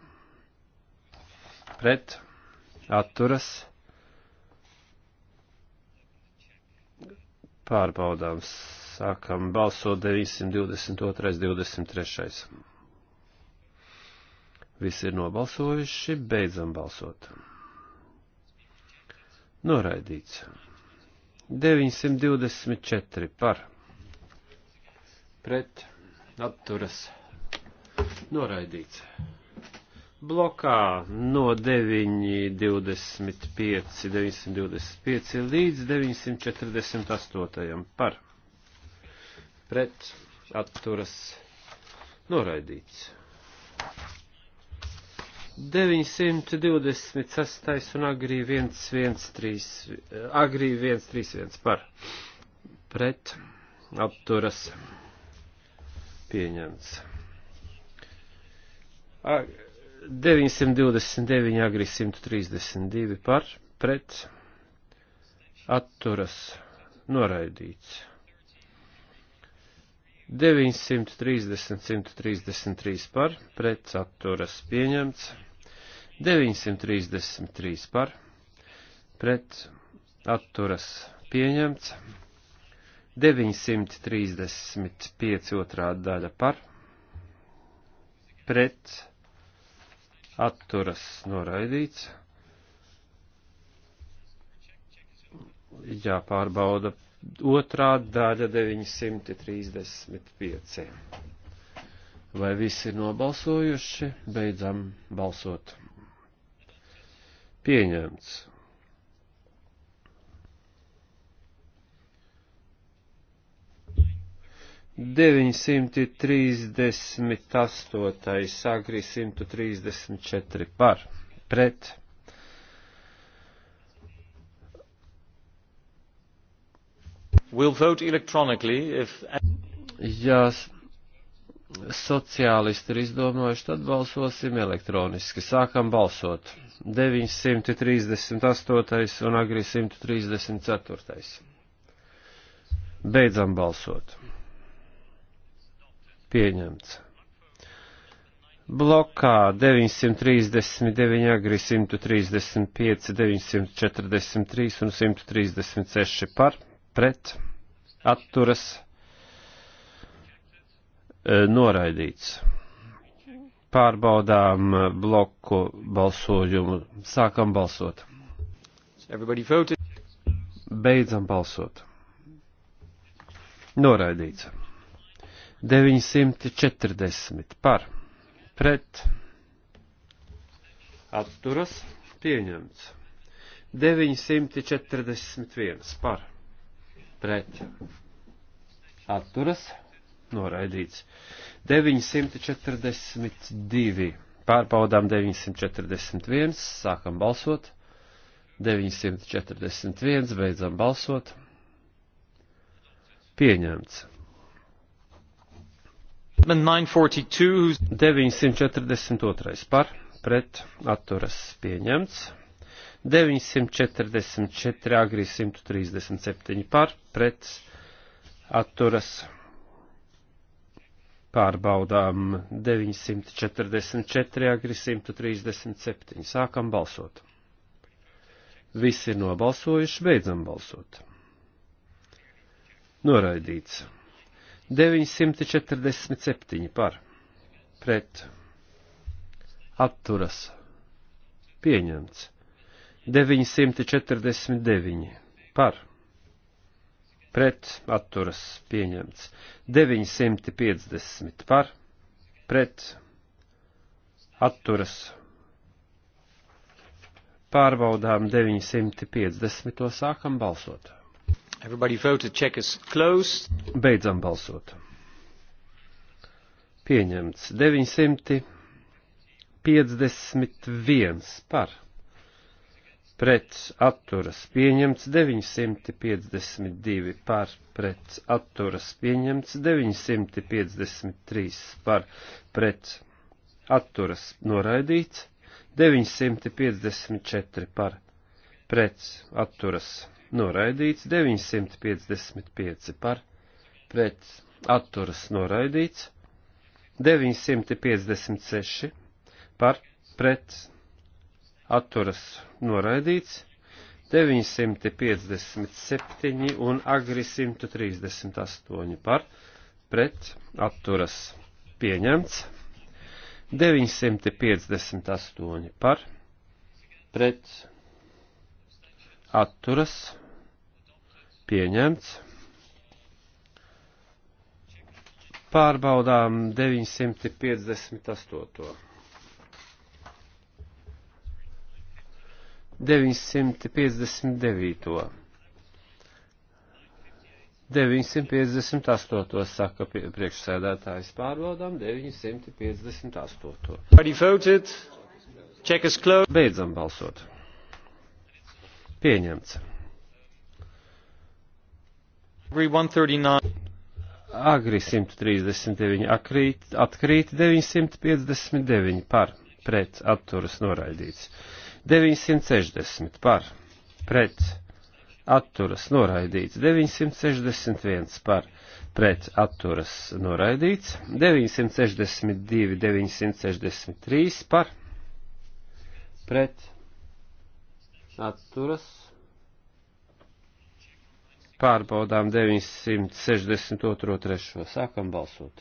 pret atturas pārbaudām. Sākam balsot 922. 23. Visi ir nobalsojuši, beidzam balsot. Noraidīts. 924 par pret atturas noraidīts. Blokā no 925, 925 līdz 948 par pret atturas noraidīts. 926 un agrī 113, agrī 131 par pret apturas pieņemts. Ag 929 agri 132 par pret atturas noraidīts. 930 133 par pret atturas pieņemts. 933 par, pret atturas pieņemts, 935 otrā daļa par, pret atturas noraidīts, jāpārbauda otrā daļa 935. Vai visi ir nobalsojuši? Beidzam balsot pieņemts. Deviņsimti trīsdesmit astotais, agri simtu trīsdesmit četri par, pret. We'll vote electronically if... Ja sociālisti ir izdomājuši, tad balsosim elektroniski. Sākam balsot. 938 un agri 134. Beidzam balsot. Pieņemts. Blokā 939, agri 135, 943 un 136 par, pret, atturas, e, noraidīts pārbaudām bloku balsojumu. Sākam balsot. Beidzam balsot. Noraidīts. 940 par. Pret. Atturas. Pieņemts. 941 par. Pret. Atturas. Noraidīts. 942. Pārbaudām 941, sākam balsot. 941, beidzam balsot. Pieņemts. 942 par, pret, atturas pieņemts. 944 agrī 137 par, pret, atturas pieņemts pārbaudām 944 agri 137. Sākam balsot. Visi ir nobalsojuši, beidzam balsot. Noraidīts. 947 par. Pret. Atturas. Pieņemts. 949 par pret atturas pieņemts 950 par, pret atturas pārbaudām 950, sākam balsot. Everybody voted, check is closed. Beidzam balsot. Pieņemts 951 par pret atturas pieņemts 952 par pret atturas pieņemts 953 par pret atturas noraidīts 954 par pret atturas noraidīts 955 par pret atturas noraidīts 956 par pret atturas noraidīts, 957 un agri 138 par, pret atturas pieņemts, 958 par, pret atturas pieņemts. Pārbaudām 958. 959. 958. saka priekšsēdētājs pārbaudām 958. Beidzam balsot. Pieņemts. Agri 139 akrīt, atkrīt 959 par pret atturas noraidīts. 960 par, pret, atturas noraidīts, 961 par, pret, atturas noraidīts, 962, 963 par, pret, atturas. Pārbaudām 962. 3. Sākam balsot.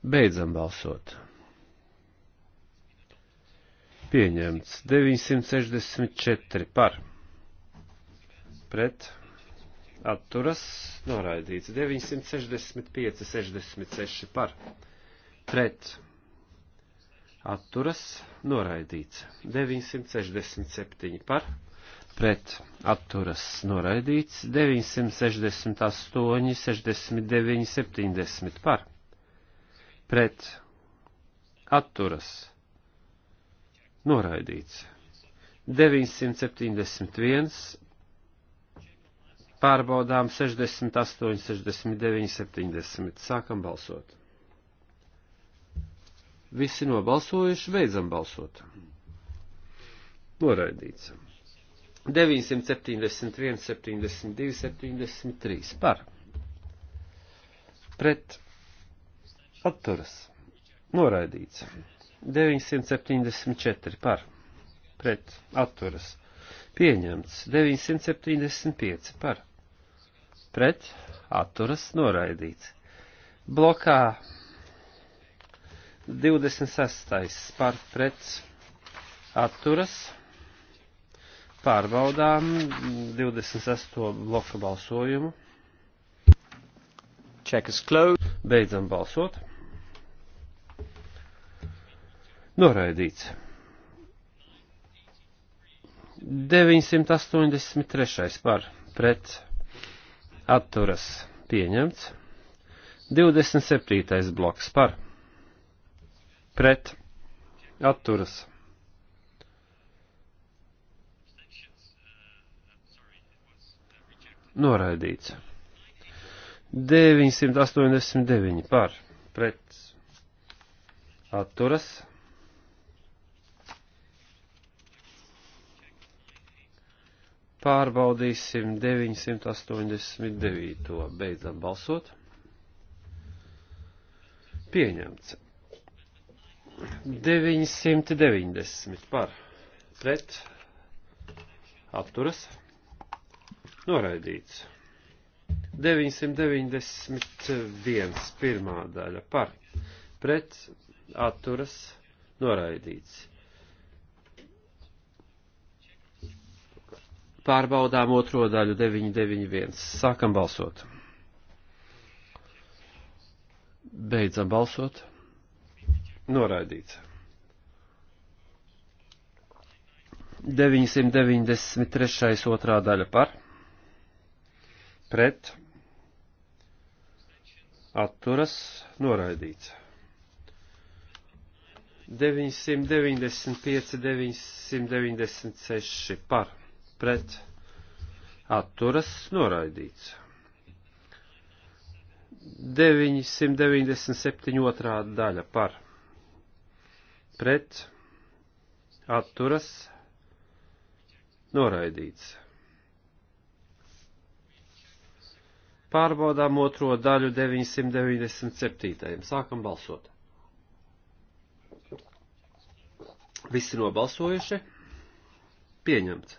Beidzam balsot. Pieņemts 964 par. Pret. Atturas. Noraidīts 965, 66 par. Pret. Atturas. Noraidīts 967 par. Pret. Atturas. Noraidīts 968, 69, 70 par. Pret. Atturas Noraidīts. 971. Pārbaudām 68, 69, 70. Sākam balsot. Visi nobalsojuši, beidzam balsot. Noraidīts. 971, 72, 73 par. Pret. Atturas. Noraidīts. 974 par pret atturas pieņemts 975 par pret atturas noraidīts. Blokā 26. par pret atturas pārbaudām 28 bloku balsojumu. Check is closed. Beidzam balsot. Noraidīts. 983. par pret atturas pieņemts. 27. bloks par pret atturas. Noraidīts. 989 par pret atturas Pārbaudīsim 989. Beidzam balsot. Pieņemts. 990 par pret apturas noraidīts. 991 pirmā daļa par pret atturas noraidīts. pārbaudām otro daļu 991. Sākam balsot. Beidzam balsot. Noraidīts. 993. otrā daļa par, pret, atturas, noraidīts. 995, 996 par, pret atturas noraidīts. 997. otrā daļa par pret atturas noraidīts. Pārbaudām otro daļu 997. Sākam balsot. Visi nobalsojuši. Pieņemts.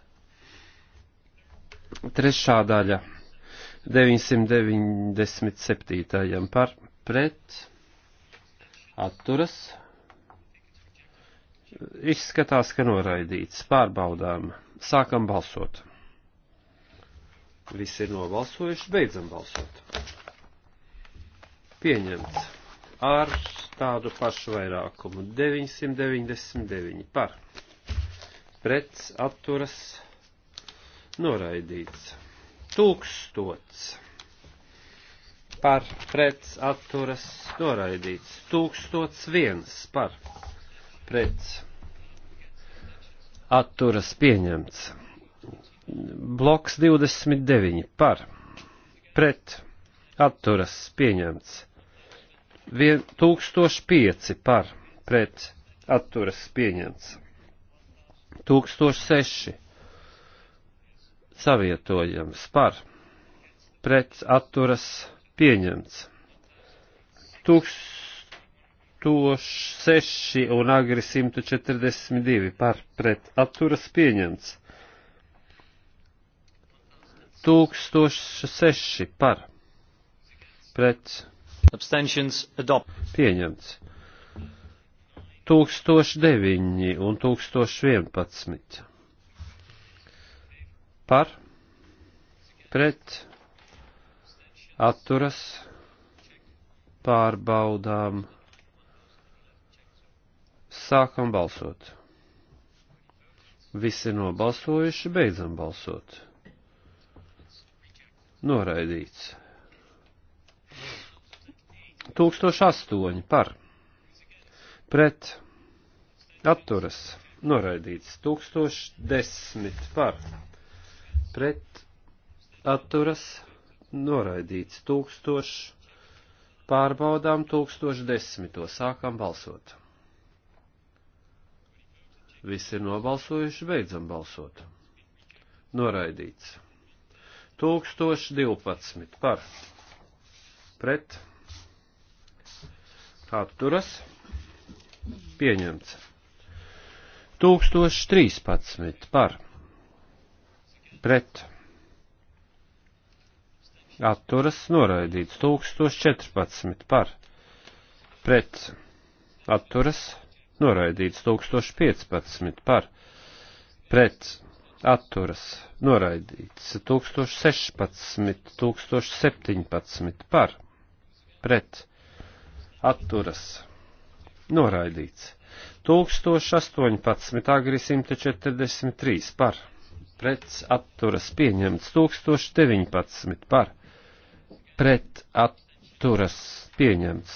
Trešā daļa 997. par pret atturas. Izskatās, ka noraidīts. Pārbaudām. Sākam balsot. Visi ir nobalsojuši, beidzam balsot. Pieņemts ar tādu pašu vairākumu 999 par pret atturas noraidīts. Tūkstots par pret atturas noraidīts. Tūkstots viens par pret atturas pieņemts. Bloks 29 par pret atturas pieņemts. 1005 par pret atturas pieņemts. 1006 savietojams par pret atturas pieņemts. 1006 un agri 142 par pret atturas pieņemts. 1006 par pret abstentions adopt pieņemts. 1009 un 1011 par pret atturas pārbaudām. Sākam balsot. Visi nobalsojuši, beidzam balsot. Noraidīts. 1008 par pret atturas noraidīts 1010 par pret atturas noraidīts tūkstošs. Pārbaudām 1010. sākam balsot. Visi ir nobalsojuši, beidzam balsot. Noraidīts. 1012 par pret atturas pieņemts. 1013 par pret pret atturas noraidīts 1014 par pret atturas noraidīts 1015 par pret atturas noraidīts 1016 1017 par pret atturas noraidīts 1018 agri 143 par pret atturas pieņemts 1019 par pret atturas pieņemts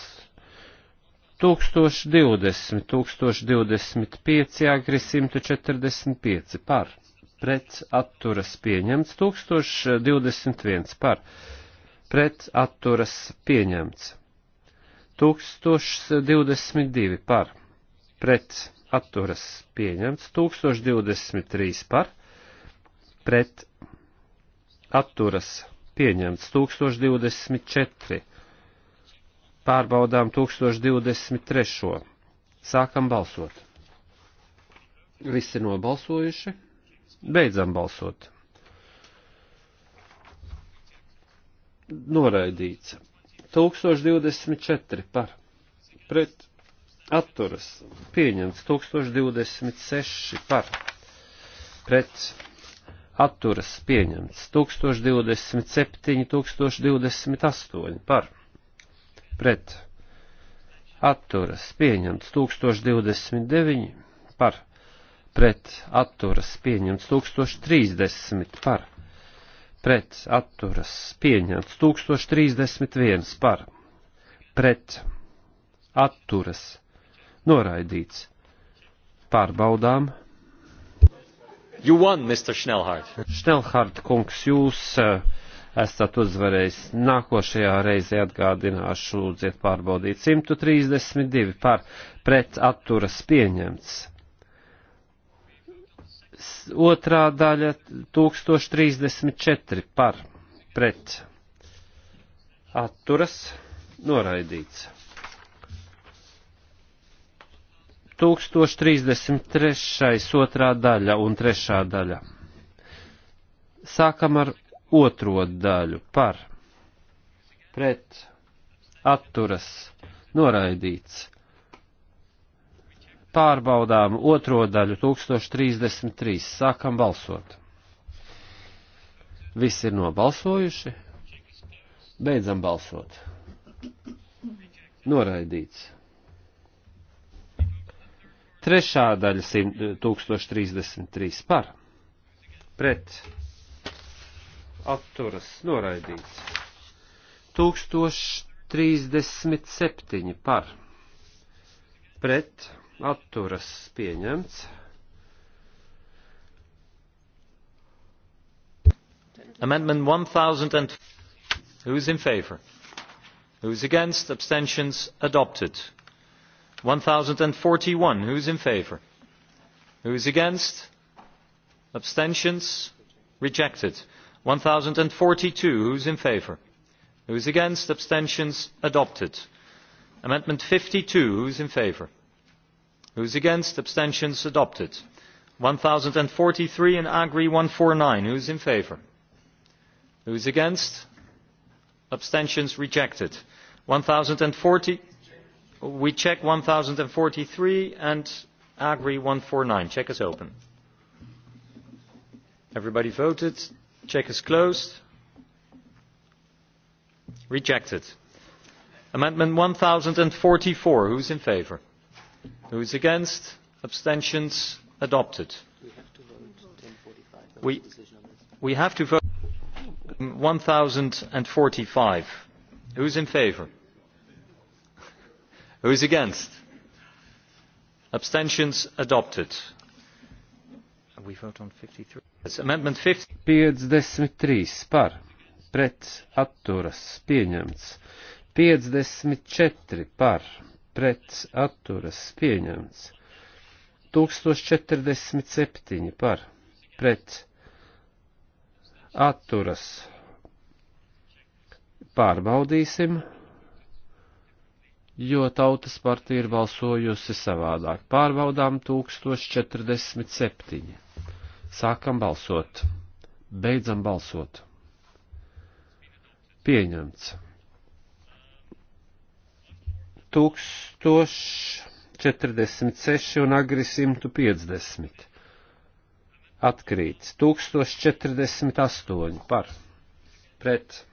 1020, 1025, agri 145 par pret atturas pieņemts 1021 par pret atturas pieņemts 1022 par pret atturas pieņemts 1023 par pret atturas pieņemts 1024. Pārbaudām 1023. Sākam balsot. Visi nobalsojuši. Beidzam balsot. Noraidīts. 1024 par pret atturas pieņemts 1026 par pret atturas pieņemts 1027, 1028 par pret atturas pieņemts 1029 par pret atturas pieņemts 1030 par pret atturas pieņemts 1031 par pret atturas noraidīts pārbaudām 1031 You won, Mr. Schnellhardt. Schnellhardt kungs, jūs eh, esat uzvarējis. Nākošajā reizē atgādināšu, lūdziet pārbaudīt 132 par pret atturas pieņemts. Otrā daļa 1034 par pret atturas noraidīts. 1033. otrā daļa un trešā daļa. Sākam ar otro daļu par pret atturas noraidīts. Pārbaudām otro daļu 1033. Sākam balsot. Visi ir nobalsojuši. Beidzam balsot. Noraidīts. Trešā daļa 1033 par. Pret. Atturas noraidīts. 1037 par. Pret. Atturas pieņemts. amendment one thousand and who is in favour who is against abstentions adopted one thousand and forty one who is in favour who is against abstentions rejected one thousand and forty two who is in favour who is against abstentions adopted amendment fifty two who is in favour who is against abstentions adopted one thousand and forty three and agri one hundred and forty nine who is in favour who is against abstentions rejected one thousand and forty we check one thousand and forty three and agri one four nine check is open everybody voted check is closed rejected amendment one thousand and forty four who's in favour who's against abstentions adopted we we have to vote one thousand and forty five who's in favour who is against abstentions adopted we vote on 53 That's amendment 50 53 par pret atturas pieņemts 54 par pret atturas pieņemts 1047 par pret atturas pārbaudīsim jo tautas partija ir balsojusi savādāk. Pārbaudām 1047. Sākam balsot. Beidzam balsot. Pieņemts. 1046 un agri 150. Atkrīts. 1048 par. Pret.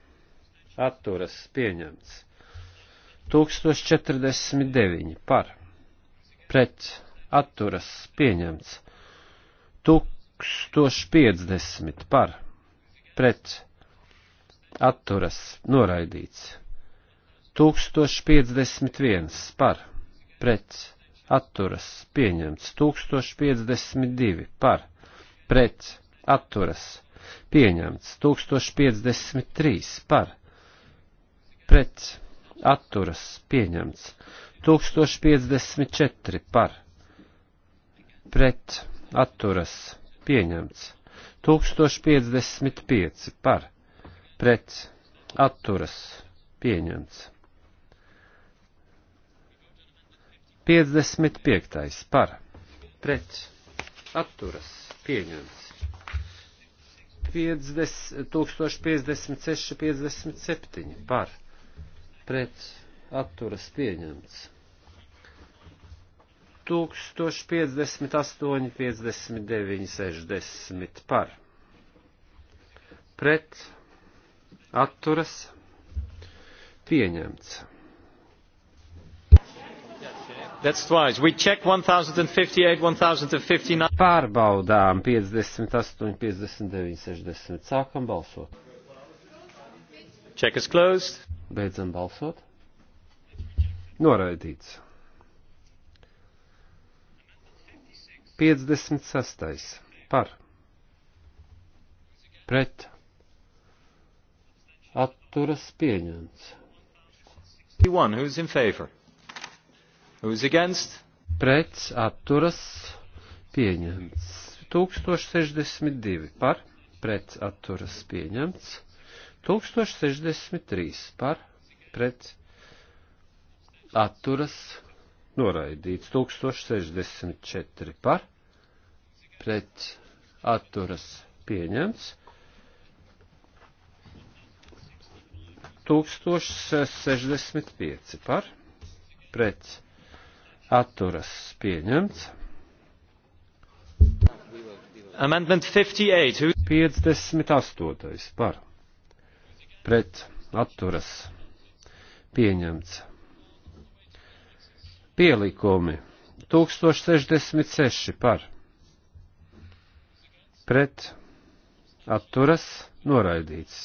Atturas. Pieņemts. 1049 par, pret, atturas, pieņemts. 1050 par, pret, atturas, noraidīts. 1051 par, pret, atturas, pieņemts. 1052 par, pret, atturas, pieņemts. 1053 par, pret, atturas pieņemts. 1054 par pret atturas pieņemts. 1055 par pret atturas pieņemts. 55. par pret atturas pieņemts. 50, 1056, 57 par pret atturas pieņemts. 1058, 59, 60 par. Pret atturas pieņemts. That's twice. We check 1058, 1059. Pārbaudām 58, 59, 60. Sākam balsot. Check is closed. Beidzam balsot. Noraidīts. 56. par pret atturas pieņemts. 61. Who's in favor? Who's against? Pret atturas pieņemts. 1062 par pret atturas pieņemts. 1063 par pret atturas noraidīts, 1064 par pret atturas pieņemts, 1065 par pret atturas pieņemts. Amendment 58. 58 par pret atturas pieņemts. Pielikumi 1066 par pret atturas noraidīts.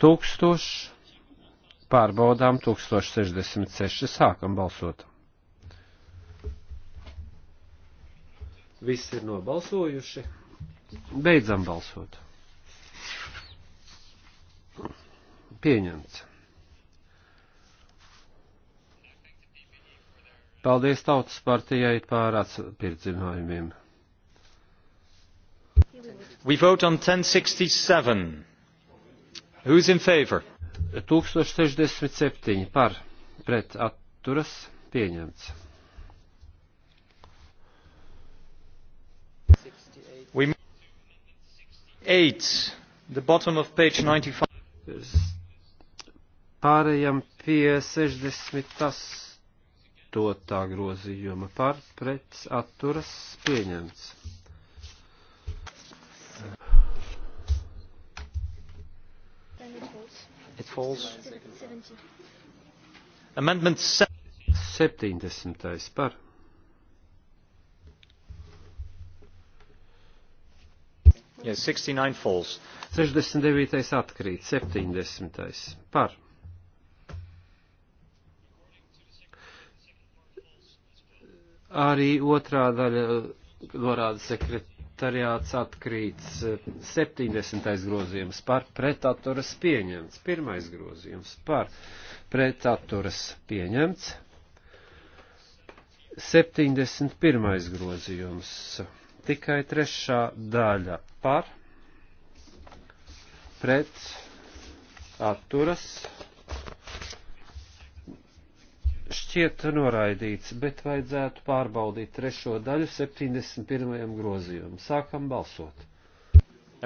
1000 pārbaudām 1066 sākam balsot. Visi ir nobalsojuši. Beidzam balsot. pieņemts. Paldies Tautas partijai par atspircinājumiem. We vote on 1067. Who's in favor? 1067 par pret atturas pieņemts. We eight, the bottom of page 95. Pārējām pie 68. grozījuma par pret atturas pieņemts. It falls. Amendment 70. par. Yeah, 69 falls. 69. atkrīt, 70. par. Arī otrā daļa eh, norāda sekretariāts atkrīts 70. Eh, grozījums par pretaturas pieņemts. Pirmais grozījums par pretaturas pieņemts. 71. grozījums. Tikai trešā daļa par pret atturas pieņemts šķiet noraidīts, bet vajadzētu pārbaudīt trešo daļu 71. grozījumu. Sākam balsot.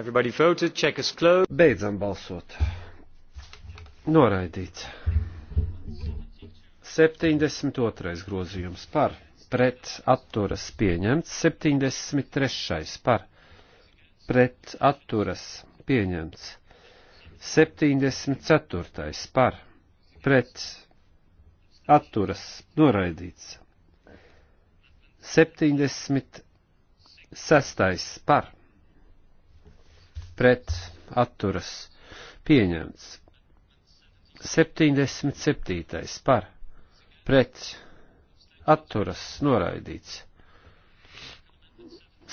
Everybody voted, check is closed. Beidzam balsot. Noraidīts. 72. grozījums par, pret atturas pieņemts, 73. par, pret atturas pieņemts, 74. par, pret atturas noraidīts. 76. par pret atturas pieņemts. 77. par pret atturas noraidīts.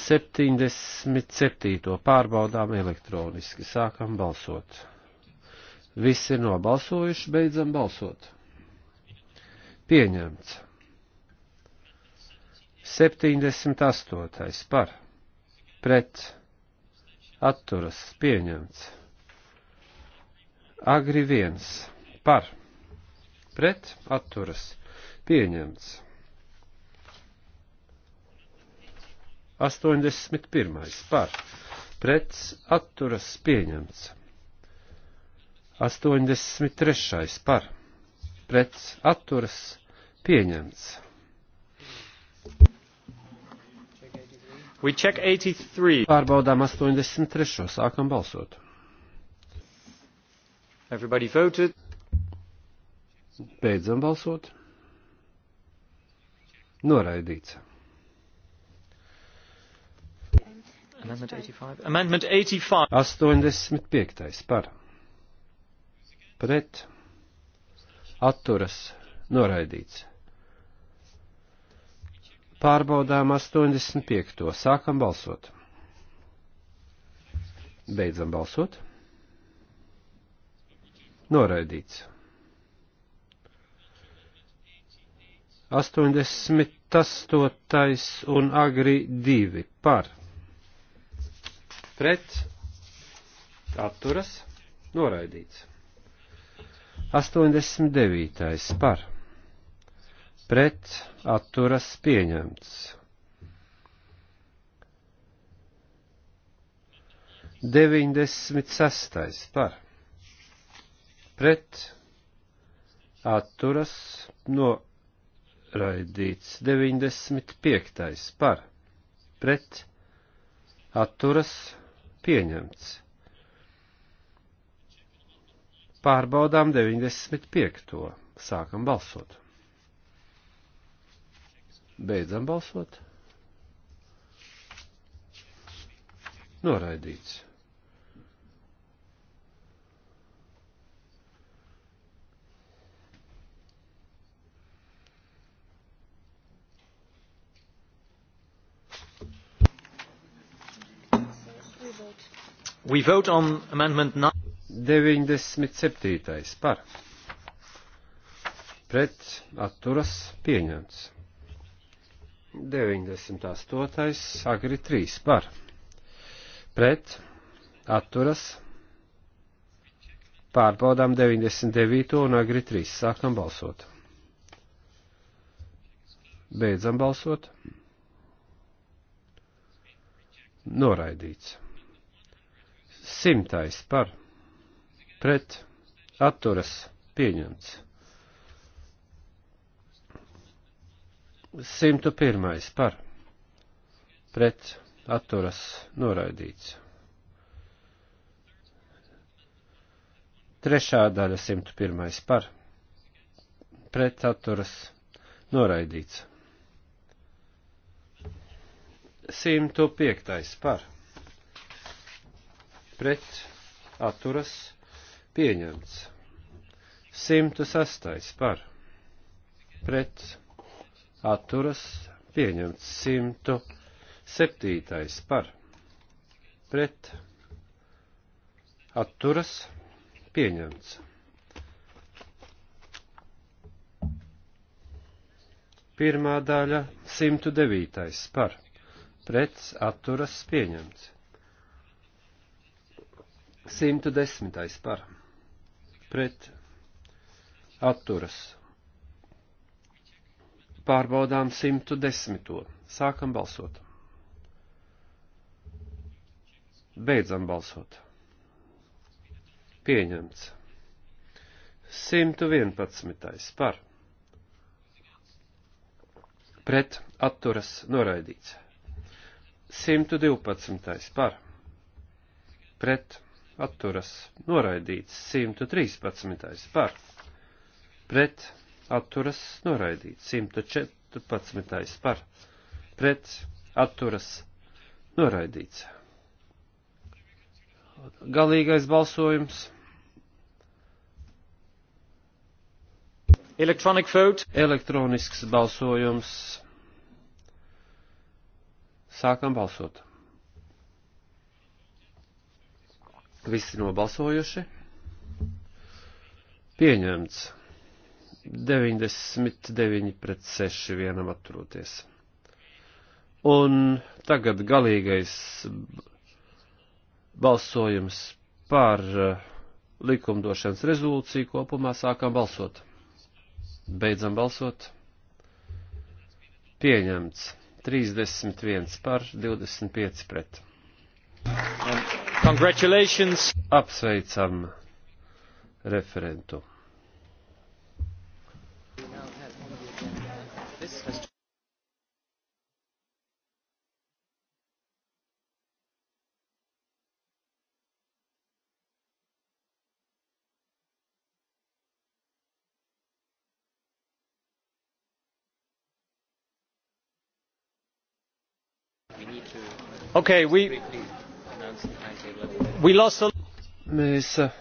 77. pārbaudām elektroniski, sākam balsot. Visi ir nobalsojuši, beidzam balsot pieņemts. 78. par pret atturas pieņemts. Agri viens par pret atturas pieņemts. 81. par pret atturas pieņemts. 83. par pret atturas Pieņemts. We check 83. Pārbaudām 83. Sākam balsot. Everybody voted. Beidzam balsot. Noraidīts. Amendment 85. Amendment 85. 85. par. Pret. Atturas. Noraidīts. Pārbaudām 85. Sākam balsot. Beidzam balsot. Noraidīts. 88. un agri 2 par. Pret. Atturas. Noraidīts. 89. par pret atturas pieņemts. 96. par pret atturas noraidīts 95. par pret atturas pieņemts. Pārbaudām 95. sākam balsot. Beidzam balsot. Noraidīts. We vote on amendment 9. 97. par. Pret atturas pieņemts. 98. agri 3 par. Pret atturas. Pārbaudām 99. un agri 3. Sākam balsot. Beidzam balsot. Noraidīts. Simtais par. Pret atturas pieņemts. 101. par pret atturas noraidīts. Trešā daļa 101. par pret atturas noraidīts. 105. par pret atturas pieņemts. 106. par pret atturas pieņemts 107. par pret atturas pieņemts. Pirmā daļa 109. par pret atturas pieņemts. 110. par pret atturas pieņemts pārbaudām 110. Sākam balsot. Beidzam balsot. Pieņemts. 111. par. Pret atturas noraidīts. 112. par. Pret atturas noraidīts. 113. par. Pret atturas noraidīts. 114. par pret atturas noraidīts. Galīgais balsojums. Electronic vote. Elektronisks balsojums. Sākam balsot. Visi nobalsojuši. Pieņemts. 99 pret 6 vienam atturoties. Un tagad galīgais balsojums par uh, likumdošanas rezolūciju kopumā sākam balsot. Beidzam balsot. Pieņemts. 31 par 25 pret. Congratulations! Apsveicam referentu. Okay, we, we lost a... Mēs uh,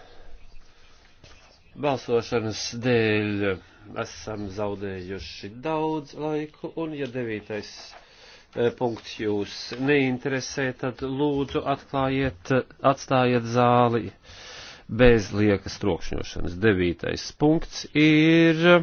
balsošanas dēļ uh, esam zaudējuši daudz laiku, un ja devītais uh, punkts jūs neinteresē, tad lūdzu atklājiet, atstājiet zāli bez liekas trokšņošanas. Devītais punkts ir.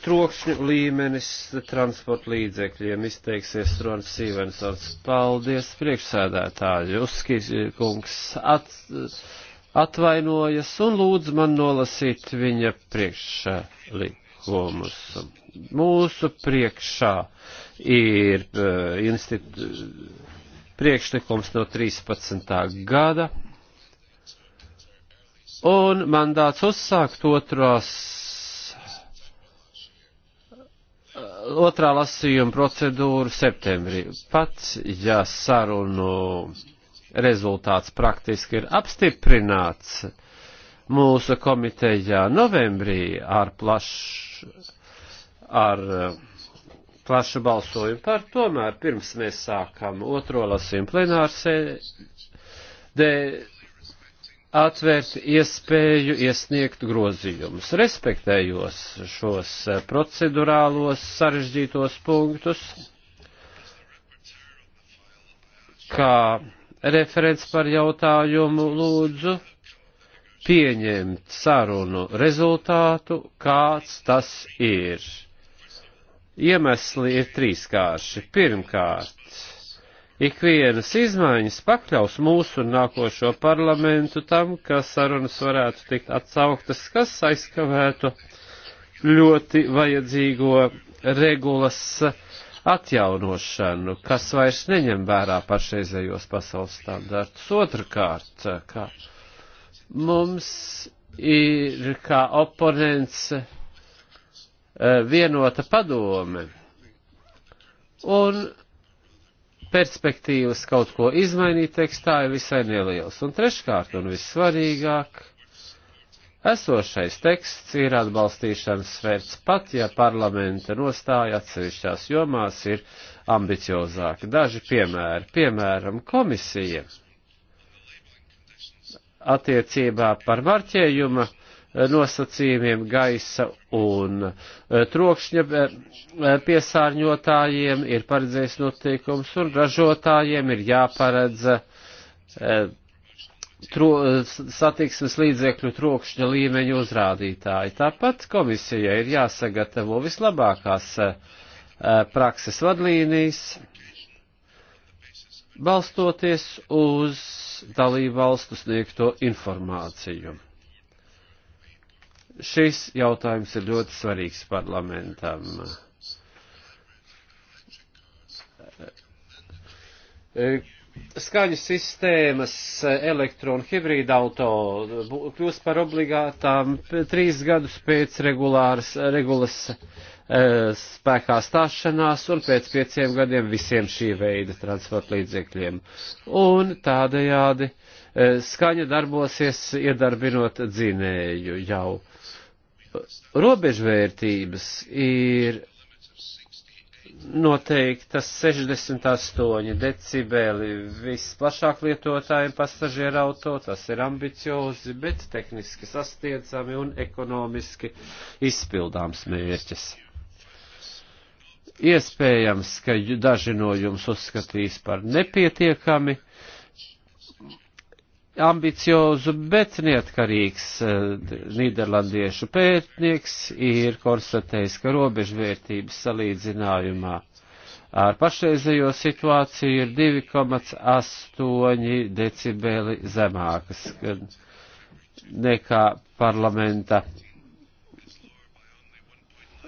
trokšņu līmenis transporta līdzekļiem izteiksies Ronas Sīvensons. Paldies priekšsēdētāji. Uzskīs kungs at, atvainojas un lūdz man nolasīt viņa priekšlikumus. Mūsu priekšā ir eh, institu, priekšlikums no 13. gada un mandāts uzsākt otrās otrā lasījuma procedūru septembrī. Pats, ja sarunu rezultāts praktiski ir apstiprināts mūsu komitejā novembrī ar plašu, ar plašu balsojumu par, tomēr pirms mēs sākam otro lasījumu plenārsē, de atvērt iespēju iesniegt grozījumus. Respektējos šos eh, procedurālos sarežģītos punktus, kā referents par jautājumu lūdzu pieņemt sarunu rezultātu, kāds tas ir. Iemesli ir trīskārši. Pirmkārt, ikvienas izmaiņas pakļaus mūsu un nākošo parlamentu tam, ka sarunas varētu tikt atsauktas, kas aizkavētu ļoti vajadzīgo regulas atjaunošanu, kas vairs neņem vērā pašreizējos pasaules standartus. Otrakārt, ka mums ir kā oponents eh, vienota padome. Un perspektīvas kaut ko izmainīt tekstā ir visai nelielas. Un treškārt un vissvarīgāk, esošais teksts ir atbalstīšanas svērts pat, ja parlamenta nostāja atsevišķās jomās ir ambiciozāka. Daži piemēri, piemēram, komisija attiecībā par marķējuma nosacījumiem gaisa un e, trokšņa e, e, piesārņotājiem ir paredzējis noteikums un ražotājiem ir jāparedz tro, satiksmes līdzekļu trokšņa līmeņu uzrādītāji. Tāpat komisijai ir jāsagatavo vislabākās prakses vadlīnijas, balstoties uz dalību valstu sniegto informāciju. Šis jautājums ir ļoti svarīgs parlamentam. Skaņas sistēmas elektronu hibrīda auto kļūs par obligātām trīs gadus pēc regulāras, regulas e, spēkā stāšanās un pēc pieciem gadiem visiem šī veida transporta līdzekļiem. Un tādējādi e, skaņa darbosies iedarbinot dzinēju jau robežvērtības ir noteiktas 68 decibeli visplašāk lietotājiem pasažieru auto, tas ir ambiciozi, bet tehniski sastiedzami un ekonomiski izpildāms mērķis. Iespējams, ka daži no jums uzskatīs par nepietiekami, uh, ambiciozu, bet neatkarīgs eh, nīderlandiešu pētnieks ir konstatējis, ka robežvērtības salīdzinājumā ar pašreizējo situāciju ir 2,8 decibeli zemākas nekā parlamenta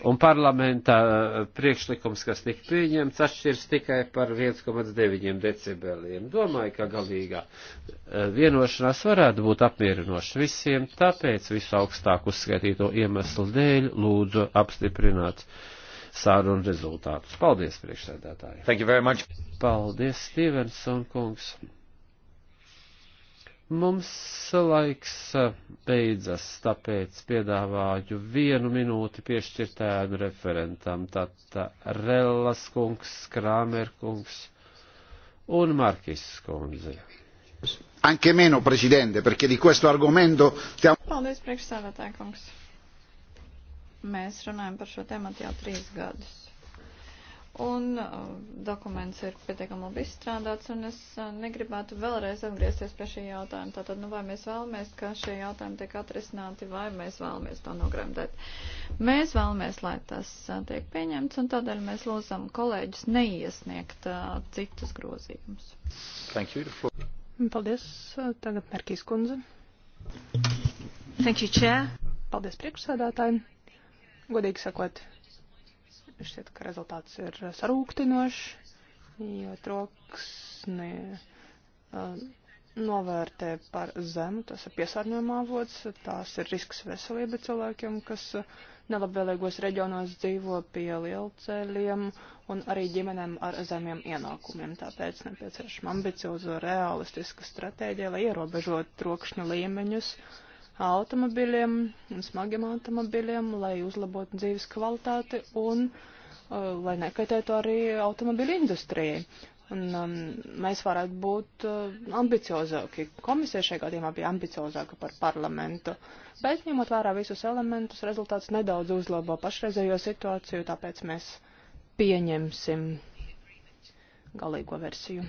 Un parlamentā eh, priekšlikums, kas tika pieņemts, atšķirs tikai par 1,9 decibeliem. Domāju, ka galīgā eh, vienošanās varētu būt apmierinoša visiem, tāpēc visu augstāk uzskaitīto iemeslu dēļ lūdzu apstiprināt sārunu rezultātus. Paldies, priekšsēdētāji! Paldies, Stevenson kungs! Mums laiks eh, beidzas, tāpēc piedāvāju vienu minūti piešķirtēnu referentam, tātad Rellas kungs, Krāmer kungs un Markis kundze. Anche meno, Presidente, perché di questo argomento stiamo... Paldies, priekšsēdētāj kungs. Mēs runājam par šo tematu jau trīs gadus. Un uh, dokuments ir pietiekami labi izstrādāts, un es uh, negribētu vēlreiz atgriezties pie šī jautājuma. Tātad, nu, vai mēs vēlamies, ka šie jautājumi tiek atrisināti, vai mēs vēlamies to nogremdēt. Mēs vēlamies, lai tas uh, tiek pieņemts, un tādēļ mēs lūdzam kolēģus neiesniegt uh, citus grozījumus. Paldies. Tagad Merkīs kundze. Thank you, Chair. Paldies priekšsēdātājiem. Godīgi sakot, Šķiet, ka rezultāts ir sarūktinošs, jo troksni uh, novērtē par zemu, tas ir piesārņojumā avots, tās ir risks veselība cilvēkiem, kas nelabvēlīgos reģionos dzīvo pie lielceļiem un arī ģimenēm ar zemiem ienākumiem. Tāpēc nepieciešama ambicioza realistiska stratēģija, lai ierobežot trokšņa līmeņus. Uh, automobiļiem un smagiem automobiļiem, lai uzlabotu dzīves kvalitāti un uh, lai nekaitētu arī automobiļu industrijai. Un um, mēs varētu būt uh, ambiciozāki. Komisija šajā gadījumā bija ambiciozāka par parlamentu, bet ņemot vērā visus elementus, rezultāts nedaudz uzlabo pašreizējo situāciju, tāpēc mēs pieņemsim galīgo versiju.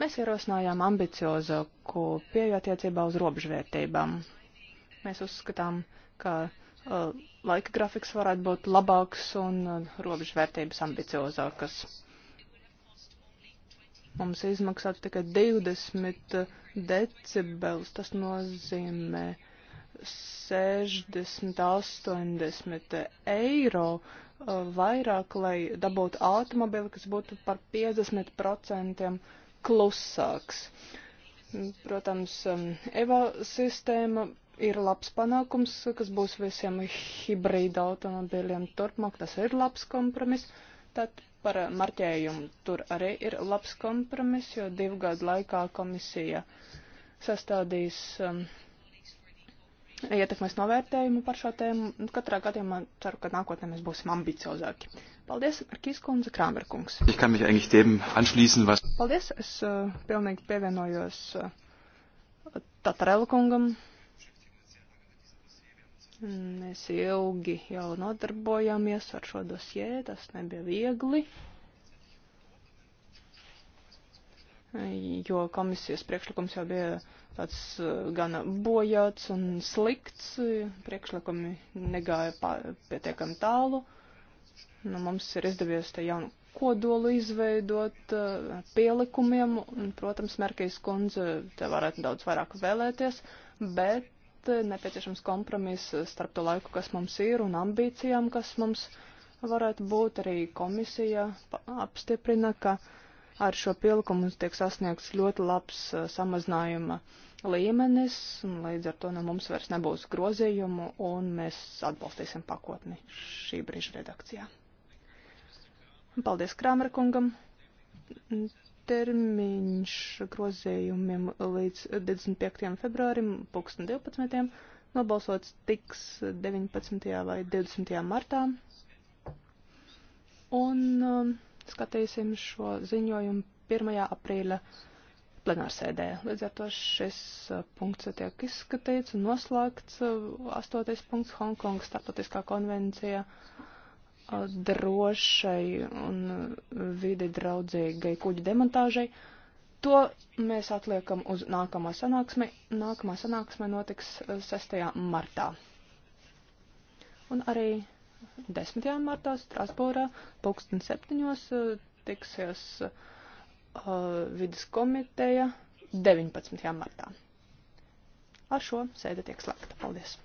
Mēs ierosinājām ambiciozāku pieeju attiecībā uz robežvērtībām. Mēs uzskatām, ka uh, laika grafiks varētu būt labāks un uh, robežvērtības ambiciozākas. Mums izmaksātu tikai 20 uh, decibels, tas nozīmē 60-80 eiro uh, vairāk, lai dabūtu automobili, kas būtu par 50% klusāks. Protams, um, EVA sistēma ir labs panākums, kas būs visiem hibrīda automobīļiem turpmāk. Tas ir labs kompromiss. Tad par marķējumu tur arī ir labs kompromiss, jo divu gadu laikā komisija sastādīs um, ietekmes novērtējumu par šo tēmu. Nu, katrā gadījumā ceru, ka nākotnē mēs būsim ambiciozāki. Paldies, Arkīs kundze, Krāmerkungs. Was... Paldies, es uh, pilnīgi pievienojos uh, eh, Tatarelu kungam. Mēs ilgi jau nodarbojāmies ar šo dosjē, tas nebija viegli. Uh, jo komisijas priekšlikums jau bija tāds eh, gana bojāts un slikts, priekšlikumi negāja pietiekami tālu. Nu, mums ir izdevies te jaunu kodolu izveidot eh, pielikumiem, un, protams, Merkijas kundze te varētu daudz vairāk vēlēties, bet eh, nepieciešams kompromiss starp to laiku, kas mums ir, un ambīcijām, kas mums varētu būt. Arī komisija apstiprina, ka uh, Ar šo pieliku mums tiek sasniegts ļoti labs uh, samazinājuma līmenis, un līdz ar to no nu, mums vairs nebūs grozījumu, un mēs atbalstīsim pakotni šī brīža redakcijā. Paldies Krāmera kungam. Termiņš grozējumiem līdz 25. februārim, 2012. Nobalsots tiks 19. vai 20. martā. Un um, Skatīsim šo ziņojumu 1. aprīļa plenārsēdē. Līdz ar to šis uh, punkts tiek izskatīts un noslēgts. Uh, astotais punkts - Hongkongas starptautiskā konvencija uh, drošai un vidi draudzīgai kuģu demontāžai. To mēs atliekam uz nākamā sanāksme. Nākamā sanāksme notiks 6. martā. Un arī 10. martā Strasbūrā pulksten septiņos eh, tiksies uh, vidas komiteja 19. martā. Ar šo sēde tiek slēgta. Paldies!